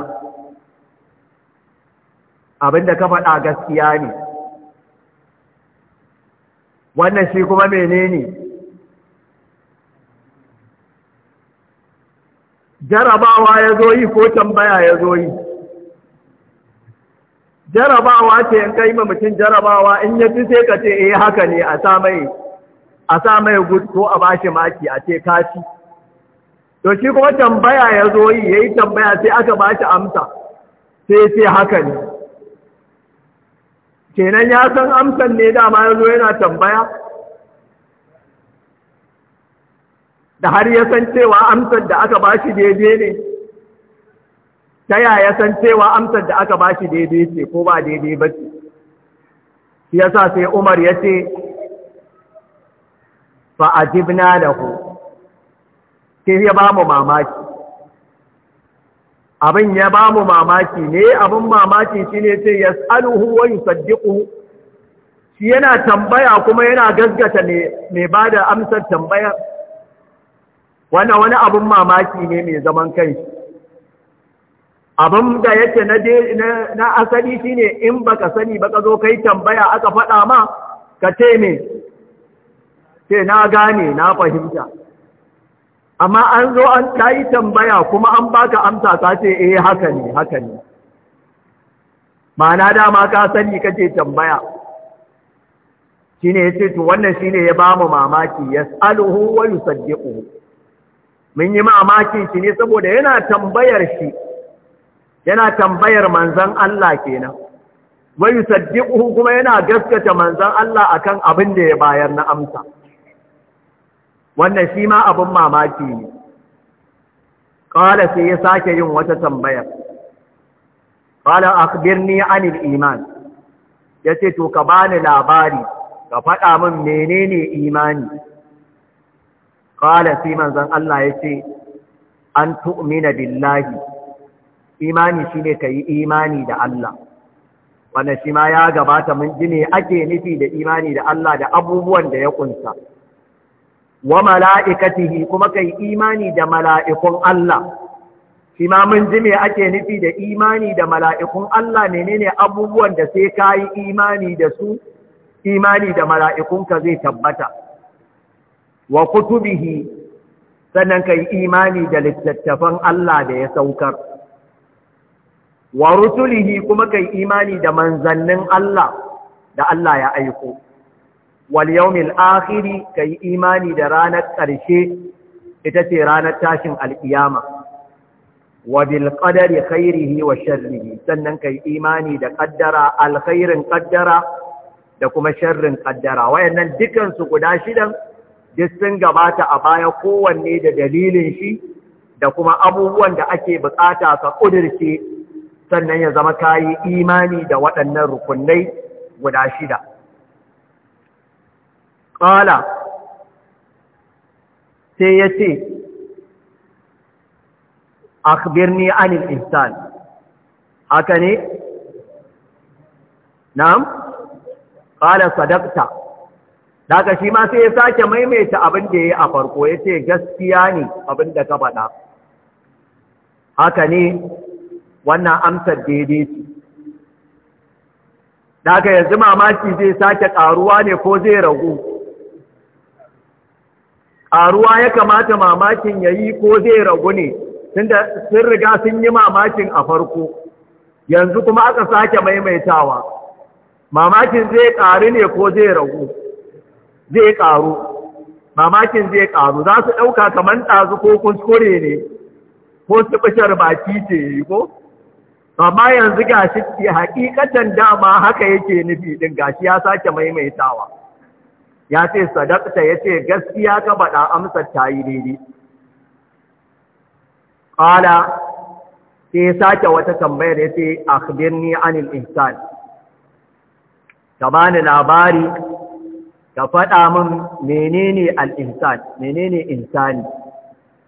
abinda ka faɗa gaskiya ne wannan shi kuma menene jarabawa ya zo yi ko tambaya ya zo yi jarabawa ce in kai ma mutum jarabawa in ya fi sai ka ce eh haka ne a sa mai gud ko a bashi maki a ce kashi to shi kuma tambaya ya zo yi ya yi tambaya sai aka ba shi amsa sai ce haka ne kenan ya san amsan ne dama ya zo yana tambaya da har ya san cewa amsar da aka ba shi daidai ne ta yaya san cewa amsar da aka ba shi daidai ce ko ba daidai ba ce Ya yasa sai umar ya ce fa'ajibna da ku sai ya ba mu mamaki abin ya ba mu mamaki ne abin mamaki shi ne ce ya tsaluhu wa yusaddiquhu shi yana tambaya kuma yana gaskata mai ba da amsar tambayar wannan wani abin mamaki ne mai zaman kai abin da yake na asali shi ne in baka sani ba ka zo kai tambaya aka faɗa ma ka ce me ce na gane na fahimta amma an zo an kayi tambaya kuma an baka amsa ta ce eh haka ne haka ne ma'ana dama ka sani kace tambaya shine yace to wannan shine ya bamu mamaki yasaluhu wa yusaddiquhu mun yi mamaki shi ne saboda yana tambayar shi yana tambayar manzon Allah kenan wa yusaddiquhu kuma yana gaskata manzon Allah akan abin da ya bayar na amsa wannan shi ma abin mamaki ne ƙwala sai ya sake yin wata tambaya a akbirni anil iman ya ce to ka bani labari ka faɗa min menene imani ƙwala sai manzan Allah ya ce an tu'mina billahi imani shi ne ka yi imani da Allah wannan shi ma ya gabata mun ji ne ake nufi da imani da Allah da abubuwan da ya ƙunsa? wa mala'ikatihi kuma kai imani da mala'ikun Allah shi jimi mun ji ake nufi da imani da mala'ikun Allah menene abubuwan da sai ka yi imani da su imani da ka zai tabbata wa kutubihi sannan kai imani da littattafan Allah da ya saukar wa rusulihi kuma kai imani da manzannin Allah da Allah ya aiko wal yawmil akhiri kai imani da ranar ƙarshe ita ce ranar tashin alkiyama wa bil kairi khairihi wa sharrihi sannan kai imani da ƙaddara alkhairin ƙaddara da kuma sharrin ƙaddara. wayannan dukansu guda shidan duk sun gabata a baya kowanne da dalilin shi da kuma abubuwan da ake bukata ka ƙudurce sannan ya zama kayi imani da waɗannan rukunai guda shida ƙala sai ya ce akbirni anil ihsan haka ne ƙala sadakta daga shi ma sai ya sake maimaita abin da ya yi a farko ya ce gaskiya ne abin da ka faɗa haka ne wannan amsar daidai ce daga yanzu mamaki zai sake ƙaruwa ne ko zai ragu ƙaruwa ya kamata mamakin ya yi ko zai ragu ne sun riga sun yi mamakin a farko yanzu kuma aka sake maimaitawa mamakin zai ƙaru ne ko zai ragu zai ƙaru mamakin zai ƙaru za su ɗauka kamar ɗazu ko kuskure ne ko su bishar baki ce yi ko amma yanzu gashi haƙiƙatan dama haka yake nufi ɗin gashi ya sake maimaitawa ya ce sadakta ya ce gaskiya ka baɗa amsar ta yi daidai ƙala sai ya sake wata tambayar ya ce a an anil ihsan ka bani labari ka faɗa min menene al’insan menene insani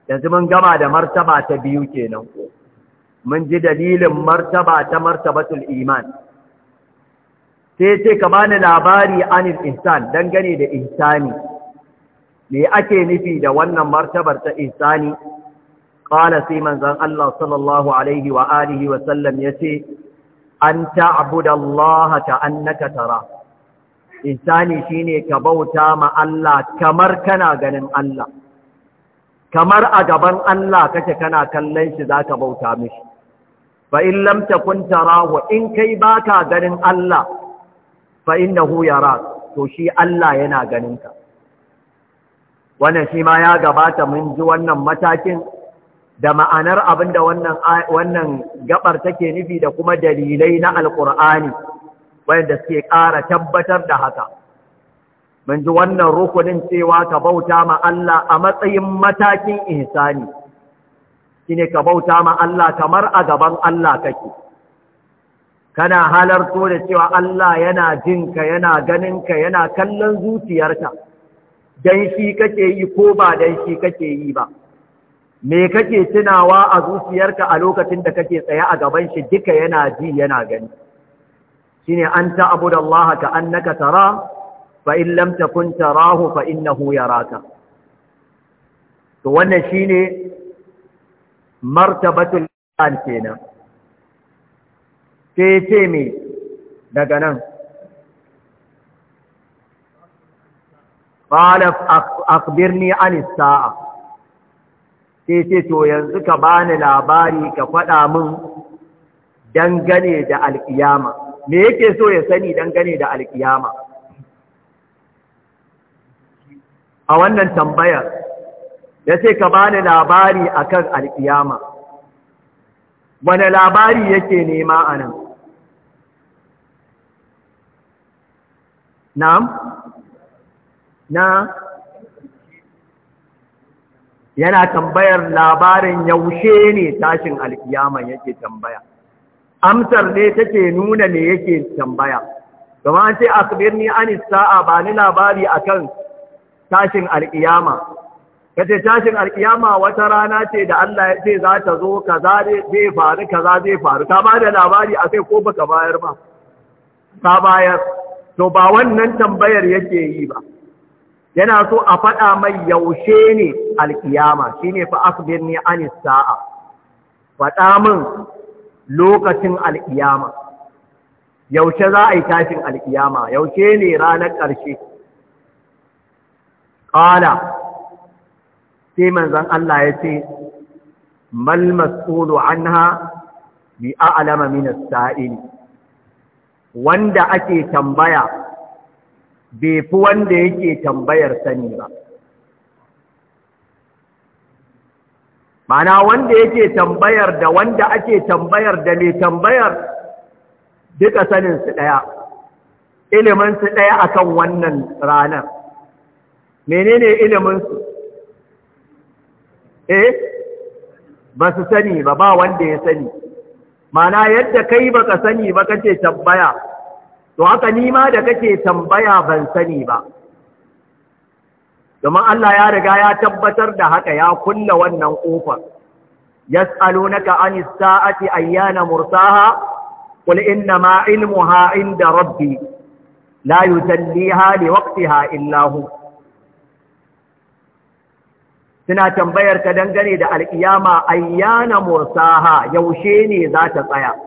yanzu mun gama da martaba ta biyu kenan mun ji dalilin martaba ta martabatul iman sai ce ka bani labari anil insan dangane da insani me ake nufi da wannan martabar ta insani qala sai manzon Allah sallallahu alaihi wa alihi wa sallam yace an ta'budu Allah tara insani shine ka bauta ma Allah kamar kana ganin Allah kamar a gaban Allah kake kana kallon shi zaka bauta mishi fa in lam takun tarahu in kai baka ganin Allah fa ya yara to shi Allah yana ganin ka wannan shi ma ya gabata mun ji wannan matakin da ma'anar abinda wannan wannan gabar take nufi da kuma dalilai na alqur'ani wanda suke ƙara tabbatar da haka mun ji wannan rukunin cewa ka bauta ma Allah a matsayin matakin ihsani shine ka bauta ma Allah kamar a gaban Allah kake kana halarto da cewa Allah yana jinka yana ganinka yana kallon zuciyarka dan shi kake yi ko ba dan shi kake yi ba me kake tunawa a zuciyarka a lokacin da kake tsaye a gaban shi duka yana ji yana gani shine an ta'budallaha ka annaka tara fa in lam takun tarahu fa innahu yaraka to wannan shine martabatul iman kenan sai ce me daga nan ƙalaf akbirni alisa'a sai ce to yanzu ka bani labari ka faɗa min dangane da alƙiyama me yake so ya sani dangane da alƙiyama a wannan tambayar ya ce ka bani labari akan alƙiyama wane labari yake nema a nan نعم نعم yana tambayar labarin yaushe ne tashin يكي yake tambaya amsar ne take nuna me yake tambaya عن الساعة باني لاباري an تاشن ba labari akan tashin kace tashin alkiyama wata rana ce da Allah ya ce za ta zo kaza zai faru kaza zai faru ka ba da labari akai ko baka bayar ba ka bayar to ba wannan tambayar yake yi ba yana so a faɗa mai yaushe ne alkiyama shine fa akhbirni anis sa'a faɗa min lokacin alkiyama yaushe za a yi tashin alkiyama yaushe ne ranar ƙarshe ƙala sai manzon Allah ya ce mal mas'ulu anha bi a'lama min as-sa'ili wanda ake tambaya bai fi wanda yake tambayar sani ba mana wanda yake tambayar da wanda ake tambayar da mai tambayar duka saninsu ɗaya iliminsu ɗaya akan wannan ranar menene iliminsu eh ba su sani ba ba wanda ya sani mana yadda kai baka sani ba kace tambaya to haka ni ma da kake tambaya ban sani ba domin Allah ya riga ya tabbatar da haka ya kulla wannan kofar yas'alunaka anis sa'ati ayyana mursaha qul inna ma ilmuha inda rabbi la yujalliha liwaqtiha illa hu suna tambayar ka dangane da alkiyama ayyana mursaha yaushe ne za ta tsaya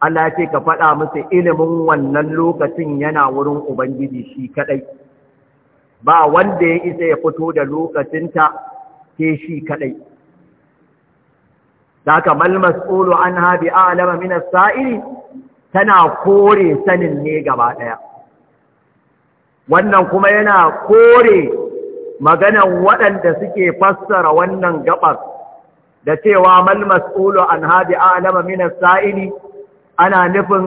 Allah ya ce ka faɗa musu ilimin wannan lokacin yana wurin Ubangiji shi kaɗai, ba wanda ya isa ya fito da lokacinta ke shi kaɗai. Daka malmas tsoro an haɗi alama minas sa'iri tana kore sanin ne gaba ɗaya. Wannan kuma yana kore maganan waɗanda suke fassara wannan gabar da cewa malmas tsoro an haɗi alama minas sa'iri ana nufin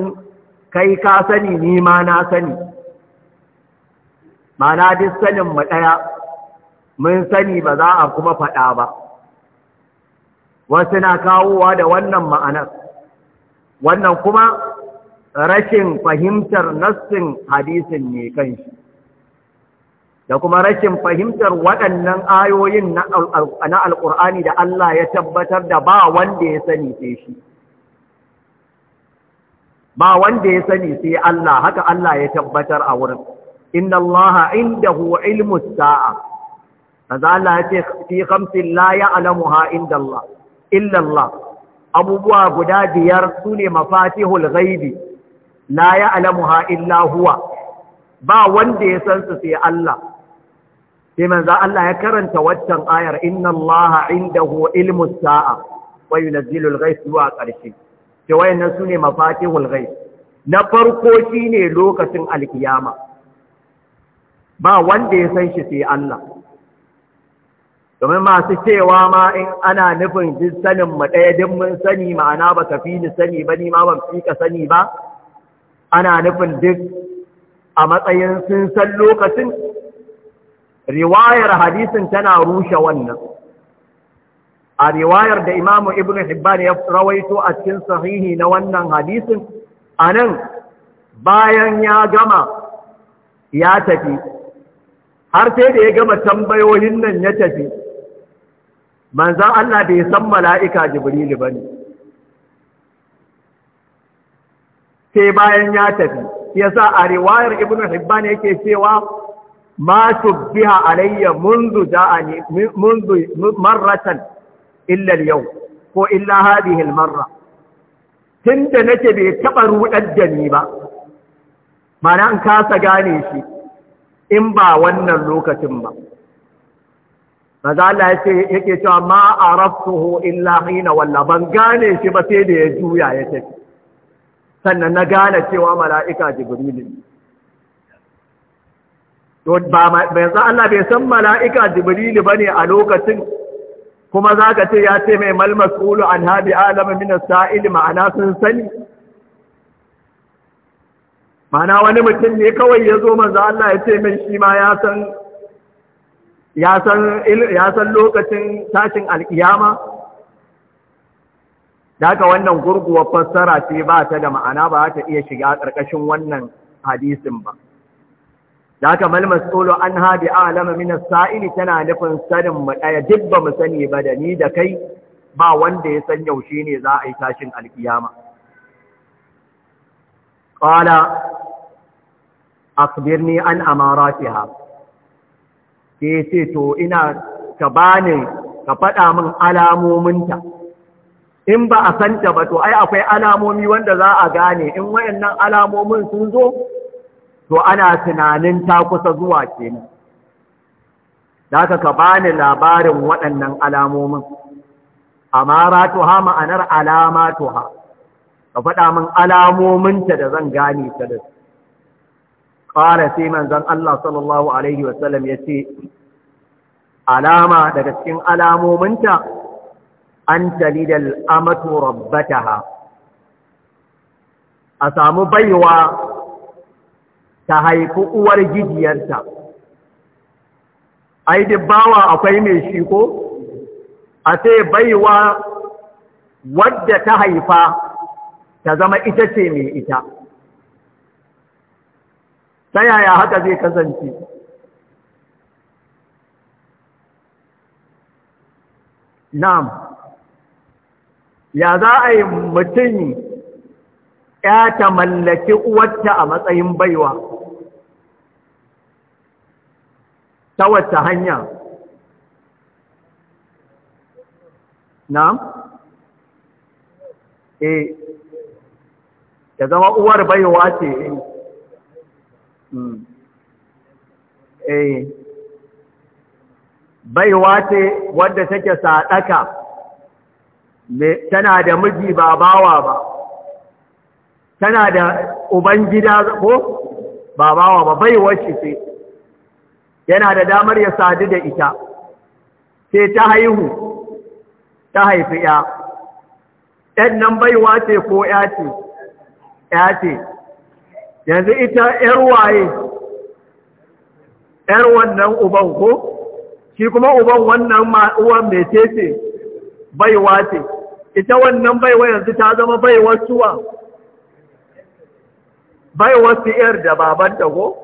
kai ka sani ni ma na sani mana duk sanin mu ɗaya mun sani ba za a kuma faɗa ba wasu na kawowa da wannan ma'anar wannan kuma rashin fahimtar nassin hadisin ne kanshi da kuma rashin fahimtar waɗannan ayoyin na alƙur'ani da Allah ya tabbatar da ba wanda ya sani sai shi ba wanda ya sani sai Allah haka Allah ya tabbatar a wurin inna Allah indahu ilmu sa'a kaza Allah ya ce fi khamsin la ya'lamuha inda Allah illa Allah abubuwa guda biyar sune mafatihul ghaibi la ya'lamuha illa huwa ba wanda ya san su sai Allah sai manzo Allah ya karanta waccan ayar inna Allah indahu ilmu sa'a wa yunzilu al-ghaytha wa qarshe ce sune su ne na farko shine lokacin alkiyama ba wanda ya san shi sai Allah domin masu cewa ma in ana nufin jin sanin mu ɗaya din mun sani ma'ana ba ka fi ni sani ba ni ma ban fi ka sani ba ana nufin duk a matsayin sun san lokacin riwayar hadisin tana rushe wannan a riwayar da imamu ibn hibban ya rawaito a cikin sahihi na wannan hadisin anan bayan ya gama ya tafi har sai da ya gama tambayoyin nan ya tafi manzan Allah bai san mala'ika jibrilu ba ne sai bayan ya tafi ya sa a riwayar ibn hibban yake cewa ma tubbiha alayya منذ جاءني منذ marratan illa yau ko illa hilmarra almarra tunda nake bai taɓa ruɗar da ni ba mana an kasa gane shi in ba wannan lokacin ba maza Allah ya ce yake cewa ma araftuhu illa hina walla ban gane shi ba sai da ya juya ya tafi sannan na gane cewa mala'ika jibril ba manzo Allah bai san mala'ika jibril ne a lokacin kuma za ka ce ya ce mai malmasulu an haɗi alama mina sa'ili ma'ana sun sani ma'ana wani mutum ne kawai ya zo manzo Allah ya ce min shi ma ya san lokacin tashin alkiyama daga wannan gurguwa fassara ce ba ta da ma'ana ba ta iya shiga ƙarƙashin wannan hadisin ba da haka malmas tsolo an a alama mina sa'ili tana nufin sanin mu ɗaya duk ba mu sani ba da ni da kai ba wanda ya san yaushe ne za a yi tashin alkiyama. Ƙwala, birni an amara ha ke ce to ina ka bani ka faɗa min alamominta. In ba a santa ba to ai akwai alamomi wanda za a gane in wayannan alamomin sun zo to ana tunanin ta kusa zuwa kenan da aka ka bani labarin waɗannan alamomin amara tuha ma'anar alama tuha ka faɗa min alamominta da zan gane ta da ƙara sai manzan Allah sallallahu Alaihi wasallam ya ce alama daga cikin alamominta an talidal amatu rabbataha a samu baiwa ta haifi uwar gijiyarta ai bawa akwai mai shi ko a sai baiwa wadda ta haifa ta zama ita ce mai ita ta yaya haka zai kasance Nam, ya za a yi mutum ya ta mallaki uwarta a matsayin baiwa ta wata hanya Na, e eh. ya zama uwar baiwa ce E, baiwa ce wadda take sadaka tana da miji ba bawa ba tana da uban gida ko ba bawa ba baiwa ce yana da damar ya sadu da ita sai ta haihu ta haifi ya ɗan nan baiwa ce ko ya ce ya ce yanzu ita ‘yarwaye waye ‘yar wannan uban ko shi kuma uban wannan uwan mai ce baiwa ce ita wannan baiwa yanzu ta zama baiwar suwa baiwar su ‘yar da babanta ko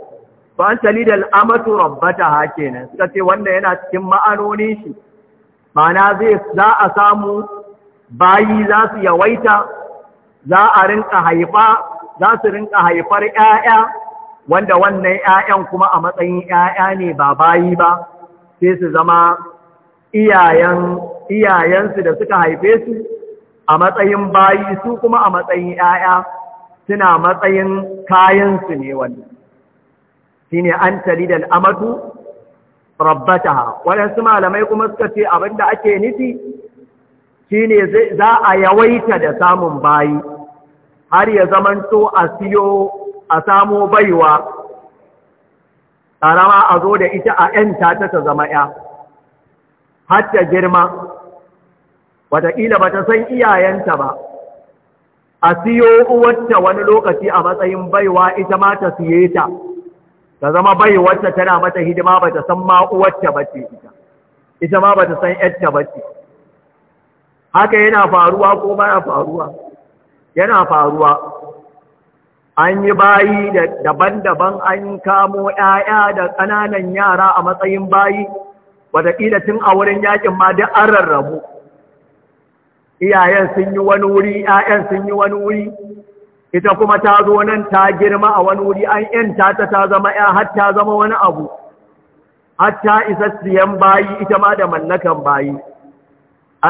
ban tali da al'amatu rabbata hake kenan suka ce wanda yana cikin ma'anonin shi mana zai za a samu bayi za su yawaita za a rinka haifa za su rinka haifar 'ya'ya wanda wannan 'ya'yan kuma a matsayin 'ya'ya ne ba bayi ba sai su zama iyayensu da suka haife su a matsayin bayi su kuma a matsayin 'ya'ya suna matsayin kayansu ne wannan Shi ne an talidal amatu rabbata waɗansu malamai kuma suka ce abinda ake nufi Shi ne za a yawaita da samun bayi har ya zamanto a siyo a samo baiwa ƙarama a zo da ita a ‘yanta ta ta zama ‘ya, hatta girma, wataƙila ba ta san iyayenta ba, a siyo uwarta wani lokaci a matsayin baiwa ita ma ta siye ta. ta zama bai wacce tana mata hidima ba ta san ma'uwacce ba ce ita ita ma ba ta san yarta ba ce haka yana faruwa ko faruwa yana faruwa an yi bayi daban-daban an yi kamo 'ya'ya da ƙananan yara a matsayin bayi wataƙila tun a wurin yakin ma duk an rarrabu iyayen sun yi wani wuri 'ya'yan sun yi wani wuri ita kuma ta zo nan ta girma a wani wuri an yanta ta ta zama ya har ta zama wani abu har ta isa siyan bayi ita ma da mallakan bayi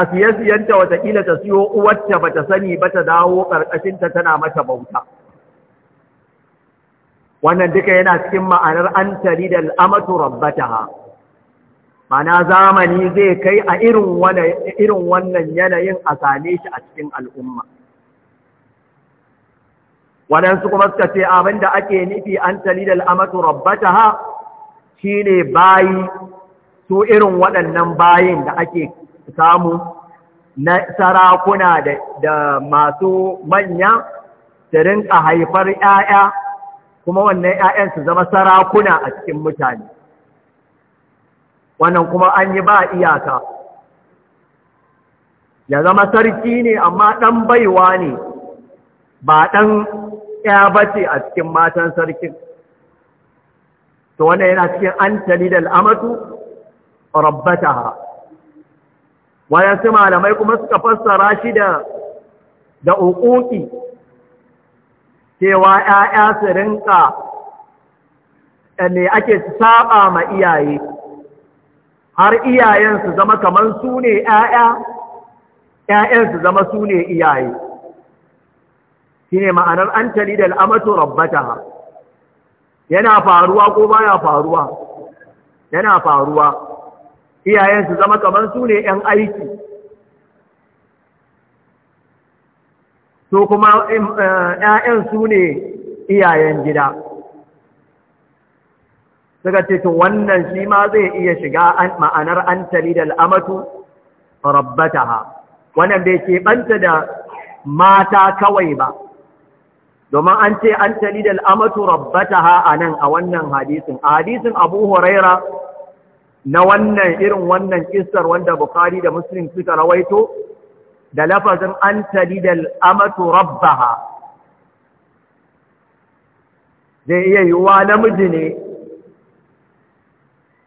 a siye siyanta watakila ta siyo uwarta ba ta sani ba ta dawo ta tana mata bauta wannan duka yana cikin ma'anar an tari da al'amatu rabbataha mana zamani zai kai a irin wannan yanayin a same shi a cikin al'umma waɗansu kuma suka ce abin da ake nufi an talidal amatu shi ne bayi su irin waɗannan bayin da ake samu na sarakuna da masu manya su rinka haifar 'ya'ya kuma wannan 'ya'yan su zama sarakuna a cikin mutane wannan kuma an yi ba iyaka ya zama sarki ne amma ɗan baiwa ne ba ɗan ya ce a cikin matan sarkin to wannan yana cikin an rabbata ha. rabbataha su malamai kuma suka fassara shi da da uquqi cewa 'ya'ya su rinka ne ake saba ma iyaye har iyayen su zama kaman su ne 'ya'ya 'ya'yan su zama su ne iyaye shine ma'anar an da al'amatu rabbataha yana faruwa ko baya faruwa yana faruwa iyayen su zama kamar su ne yan aiki To kuma ƴaƴan eh, su ne iyayen gida suka ce wannan shi ma zai iya shiga ma'anar an da al'amatu rabbataha wannan bai ke banta da mata kawai ba domin an ce an tali da al'amatu rabbataha a nan a wannan hadisin a hadisin abu huraira na wannan irin wannan kistar wanda bukari da muslim suka rawaito da lafazin an tali da al'amatu rabbaha zai iya yiwuwa namiji ne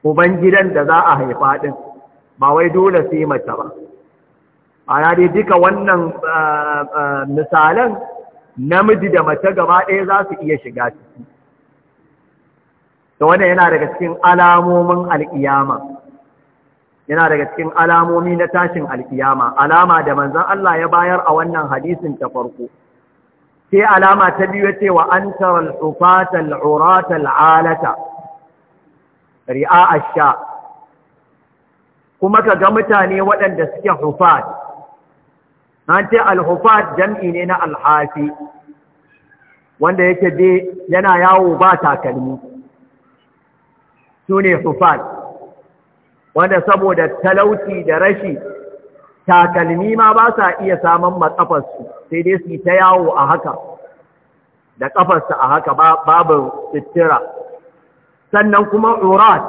ubangidan da za a haifa ɗin ba wai dole sai mace ba a yare duka wannan eh, eh, misalan namiji da mace gaba ɗaya za su iya shiga ciki da wannan yana daga cikin alamomin alƙiyama yana daga cikin alamomi na tashin alƙiyama alama da manzon Allah ya bayar a wannan hadisin ta farko sai alama ta biyu ce wa an taral ufatal uratal alata ri'a asha kuma ka ga mutane waɗanda suke hufat an ce alhufat jam'i ne na alhafi wanda yake je yana yawo ba takalmi sune ne hufat wanda saboda talauci da rashi takalmi ma ba sa iya samun matsafarsu sai dai su ta yawo a haka da ƙafarsa a haka babu fitira sannan kuma urat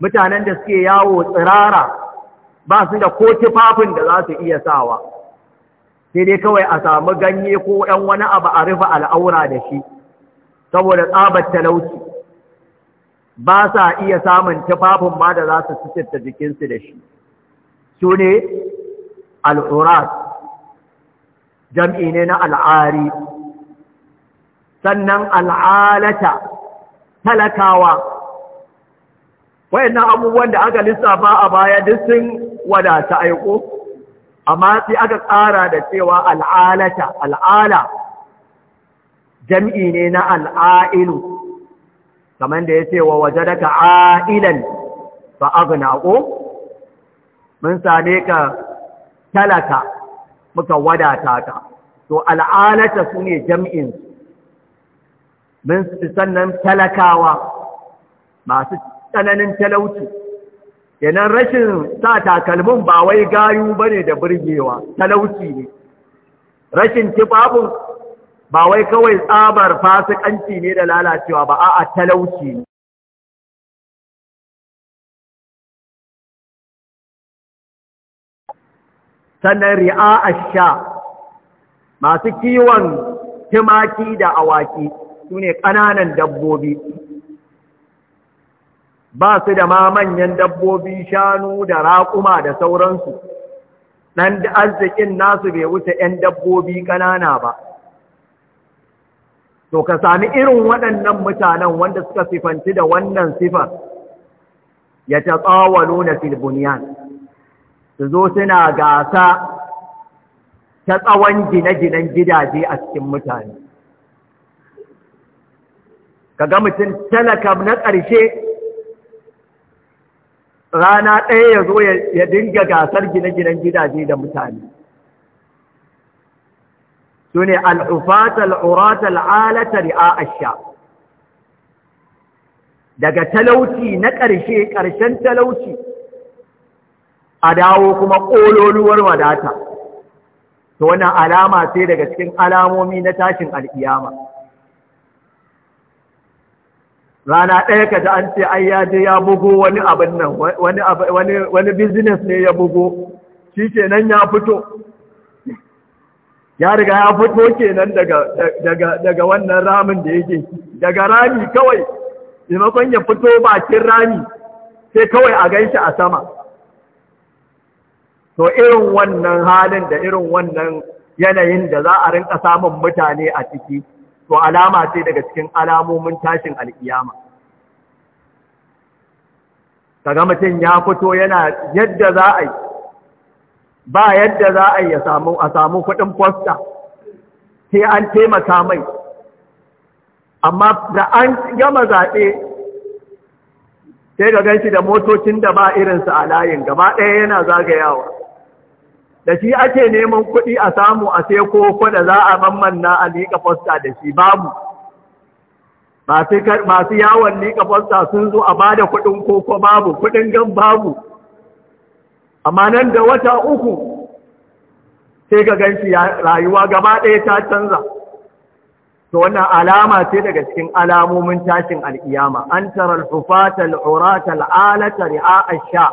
mutanen da suke yawo tsirara ba su da ko tufafin da za su iya sawa sai dai kawai a samu ganye ko ɗan wani abu a rufe al'aura da shi saboda tsabar talauci ba sa iya samun tufafin ma da za su suturta jikinsu da shi su ne al'urat jam'i ne na al'ari sannan al'alata talakawa wayannan abubuwan da aka lissafa a baya duk sun wadata aiko amma sai aka ƙara da cewa al'alata al'ala jam'i ne na al'a'ilu kamar da ya ce wa waje daga a'ilan fa'agna ko mun same ka talaka muka wadata ka to al'alata su ne jam'in mun sannan talakawa masu tsananin talauci kenan rashin sa takalmin ba wai gayu ba ne da birgewa, talauci ne rashin tibabun ba wai kawai tsabar fasikanci ne da lalacewa ba a'a talauci ne sannan ri'a sha masu kiwon tumaki da awaki su ne ƙananan dabbobi ba su da ma manyan dabbobi shanu da raƙuma da sauransu ɗan arzikin nasu bai wuce 'yan dabbobi ƙanana ba to ka sami irin waɗannan mutanen wanda suka sifanci da wannan sifar ya ta tsawalo na filbuniyan su zo suna gasa ta tsawon gine-ginen gidaje a cikin mutane ka ga mutum talaka na ƙarshe rana ɗaya ya zo ya dinga gasar gine-ginen gidaje da mutane su ne al'ufata ri'a a sha. daga talauci na ƙarshe ƙarshen talauci a dawo kuma ƙololuwar wadata ta wannan alama sai daga cikin alamomi na tashin al'iyama rana ɗaya ka ji an ce ai ya je ya bugo wani abin nan wani business ne ya bugo shi kenan ya fito ya riga ya fito kenan daga wannan ramin da yake daga rami kawai imakon ya fito bakin rami sai kawai a gan shi a sama to irin wannan halin da irin wannan yanayin da za a rinka samun mutane a ciki to alama ce daga cikin alamomin tashin al'iyama. kaga mutum ya fito yana yadda za a yi ba yadda za a yi a samu kuɗin fosta sai an taimaka mai amma da an gama zaɓe sai ga ganshi da motocin da ba irinsa a layin gaba ɗaya yana zagayawa da shi ake neman kuɗi a samu a sai koko da za a mammanna a liƙa fosta da shi babu masu yawon liƙa fosta sun zo a ba da kuɗin koko babu kuɗin gan babu amma nan da wata uku sai ga gan shi rayuwa gaba ɗaya ta canza to wannan alama ce daga cikin alamomin tashin al'iyama an tara hufata al'alata sha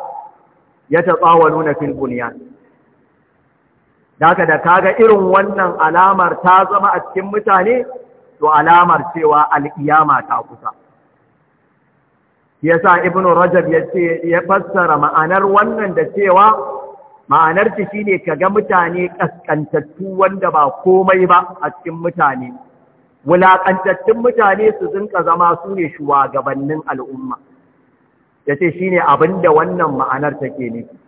ya taɓawa nuna fil da da kaga irin wannan alamar ta zama a cikin mutane to alamar cewa al'iyama ta kusa yasa ibnu rajab yace ya fassara ma'anar wannan da cewa ma'anar shi ne kaga mutane kaskantattu wanda ba komai ba a cikin mutane wulaƙantattun mutane su zinka zama su ne shugabannin al'umma ya ce yace shine abinda wannan ma'anar take nufi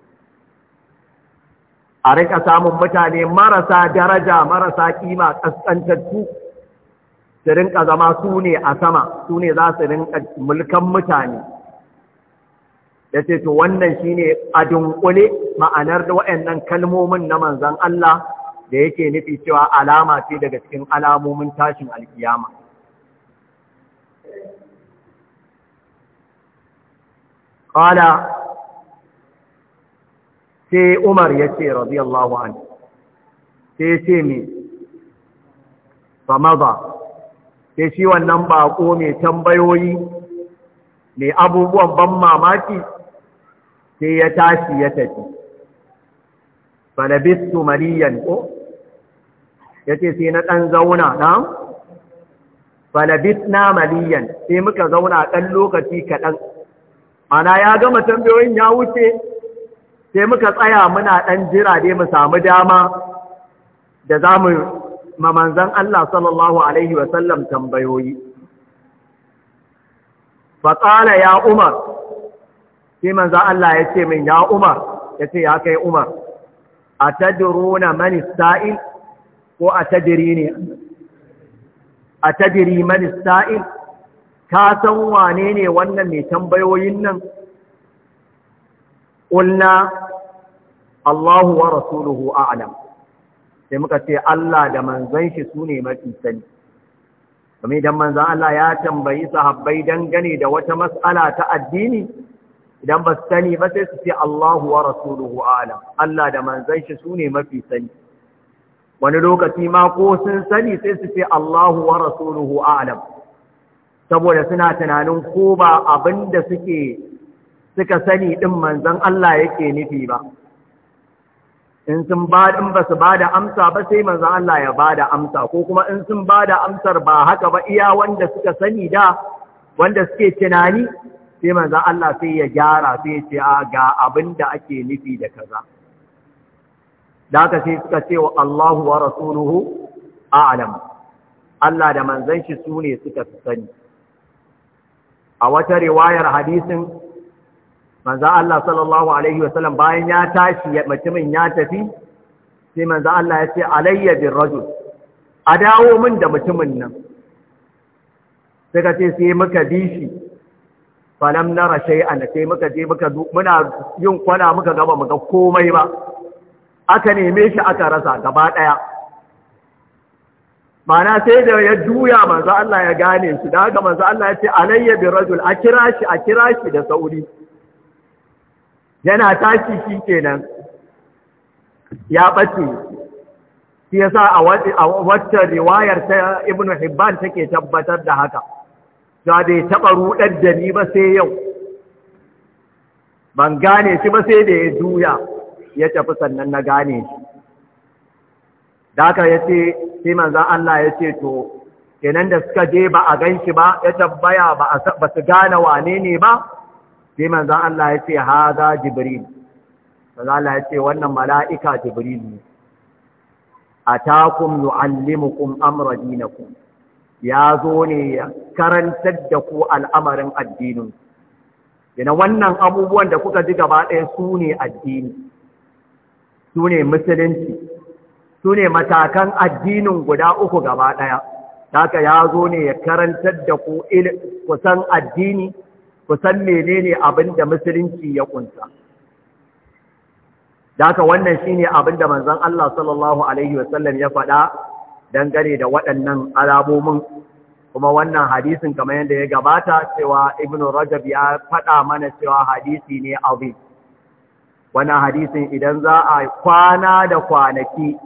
a rika samun mutane marasa daraja marasa kima kaskantattu su rinka zama su ne a sama su ne za su rinka mulkan mutane ya ce to wannan shi ne a dunkule ma'anar da waɗannan kalmomin na manzan Allah da yake nufi cewa alama ce daga cikin alamomin tashin alkiyama qala sai Umar ya ce radiyallahu an sai ce mai famaza sai shi wannan bako mai tambayoyi mai abubuwan ban mamaki sai ya tashi ya tafi balabistu mariyan ko ya ce sai na ɗan zauna na maliyan sai muka zauna ɗan lokaci kaɗan ana ya gama tambayoyin ya wuce sai muka tsaya muna ɗan jira dai mu samu dama da za mu mamanzan Allah sallallahu Alaihi wasallam tambayoyi. Fatsala ya Umar, sai manzan Allah ya ce min ya Umar, ya ce ya kai Umar, a tadiruna mani sa'il ko a tadiri ne, a tadiri mani sa'il, ka san wane ne wannan mai tambayoyin nan? ƙulna Allahu wa rasuluhu sai muka ce Allah da manzon shi su ne mafi sani kuma idan manzon Allah ya tambayi sahabbai dangane da wata mas'ala ta addini idan ba su sani ba sai su ce Allahu wa rasuluhu a'lam Allah da manzon shi su ne mafi sani wani lokaci ma ko sun sani sai su ce Allahu wa rasuluhu a'lam saboda suna tunanin ko ba abin da suke suka sani ɗin manzan Allah yake nufi ba. In sun ba in ba su ba da amsa ba sai manzan Allah ya ba da amsa, ko kuma in sun ba da amsar ba haka ba iya wanda suka sani da wanda suke tunani sai manzan Allah sai ya gyara sai ya ce ga abin da ake nufi da kaza. Da haka sai suka ce wa Allahu wa rasuluhu a'lam. Allah da manzan shi su ne suka sani. A wata riwayar hadisin manzo Allah sallallahu alaihi wasallam bayan ya tashi mutumin ya tafi sai manzo Allah ya ce alayya bir rajul a dawo min da mutumin nan ka ce sai muka bishi. Falam na nara shay'an sai muka je muka muna yin kwana muka gaba muka komai ba aka neme shi aka rasa gaba daya mana sai da ya juya manzo Allah ya gane shi da haka manzo Allah ya ce alayya bir rajul a kira shi a kira shi da sauri yana tashi shi kenan ya ɓace shi sa a wacce riwayar ta ibnu hibban take tabbatar da haka a bai taɓa ruɗar da ni ba sai yau ban gane shi ba sai da ya juya ya tafi sannan na gane shi da aka ya ce sai manzan Allah ya ce to kenan da suka je ba a gan shi ba ya tabbaya ba su gane wane ne ba sai manzan Allah ya ce haza jibril manzan Allah ya ce wannan mala'ika jibril ne atakum yu'allimukum amra dinakum ya zo ne ya karantar da ku al'amarin addinin yana wannan abubuwan da kuka ji gaba ɗaya su ne addini su ne musulunci su ne matakan addinin guda uku gaba ɗaya haka ya zo ne ya karantar da ku kusan addini ku san menene abin da musulunci ya kunsa Daka wannan shine abin da manzon Allah sallallahu alaihi wasallam ya faɗa dangane da waɗannan alamomin kuma wannan hadisin kamar yadda ya gabata cewa Ibn Rajab ya faɗa mana cewa hadisi ne azim wannan hadisin idan za a kwana da kwanaki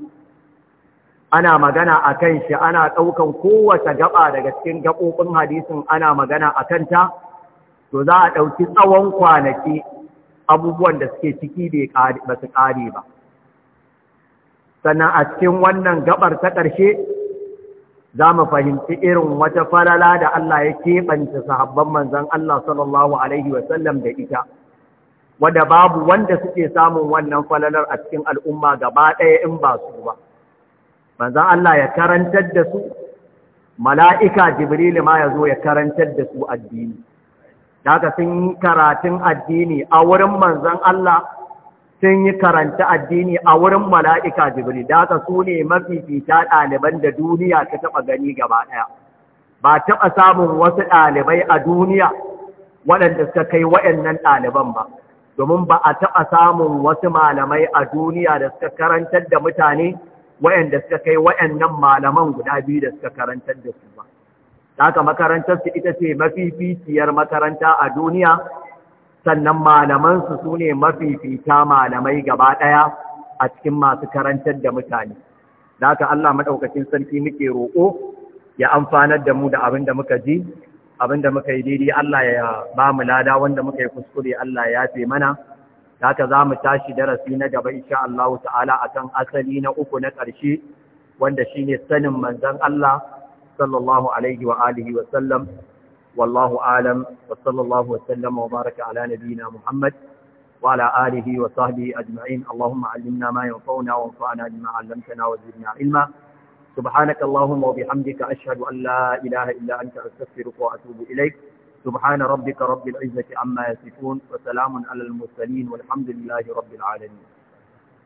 ana magana a kan shi ana ɗaukan kowace gaba daga cikin gaɓoɓin hadisin ana magana a kanta to za a ɗauki tsawon kwanaki abubuwan da suke ciki ba su ƙare ba sannan a cikin wannan gabar ta ƙarshe za mu fahimci irin wata falala da Allah ya keɓanta sahabban manzan Allah sallallahu Alaihi wasallam da ita wadda babu wanda suke samun wannan falalar a cikin al'umma gaba ɗaya in ba su ba manzan Allah ya karantar da su mala'ika jibrilu ma ya zo ya karantar da su addini da sun yi karatun addini a wurin manzan Allah sun yi karanta addini a wurin mala'ika jibri da haka su ne mafi fita ɗaliban da duniya ta taɓa gani gaba ɗaya ba taɓa samun wasu ɗalibai a duniya waɗanda suka kai wa'yannan ɗaliban ba domin ba a taɓa samun wasu malamai a duniya da suka karantar da mutane waɗanda suka kai wayannan malaman guda biyu da suka karantar da su ba. haka makarantar su ita ce mafificiyar makaranta a duniya sannan malamansu su sune mafifita malamai gaba daya a cikin masu karantar da mutane haka Allah maɗaukacin sarki muke roko ya amfanar da mu da abin da muka ji abin da muka yi daidai Allah ya ba mu lada wanda muka yi kuskure Allah ya yafe mana haka za mu tashi darasi na gaba insha Allah ta'ala akan asali na uku na ƙarshe wanda shine sanin manzon Allah صلى الله عليه وآله وسلم والله أعلم وصلى الله وسلم وبارك على نبينا محمد وعلى آله وصحبه أجمعين اللهم علمنا ما ينفعنا وانفعنا بما علمتنا وزدنا علما سبحانك اللهم وبحمدك أشهد أن لا إله إلا أنت أستغفرك وأتوب إليك سبحان ربك رب العزة عما يصفون وسلام على المرسلين والحمد لله رب العالمين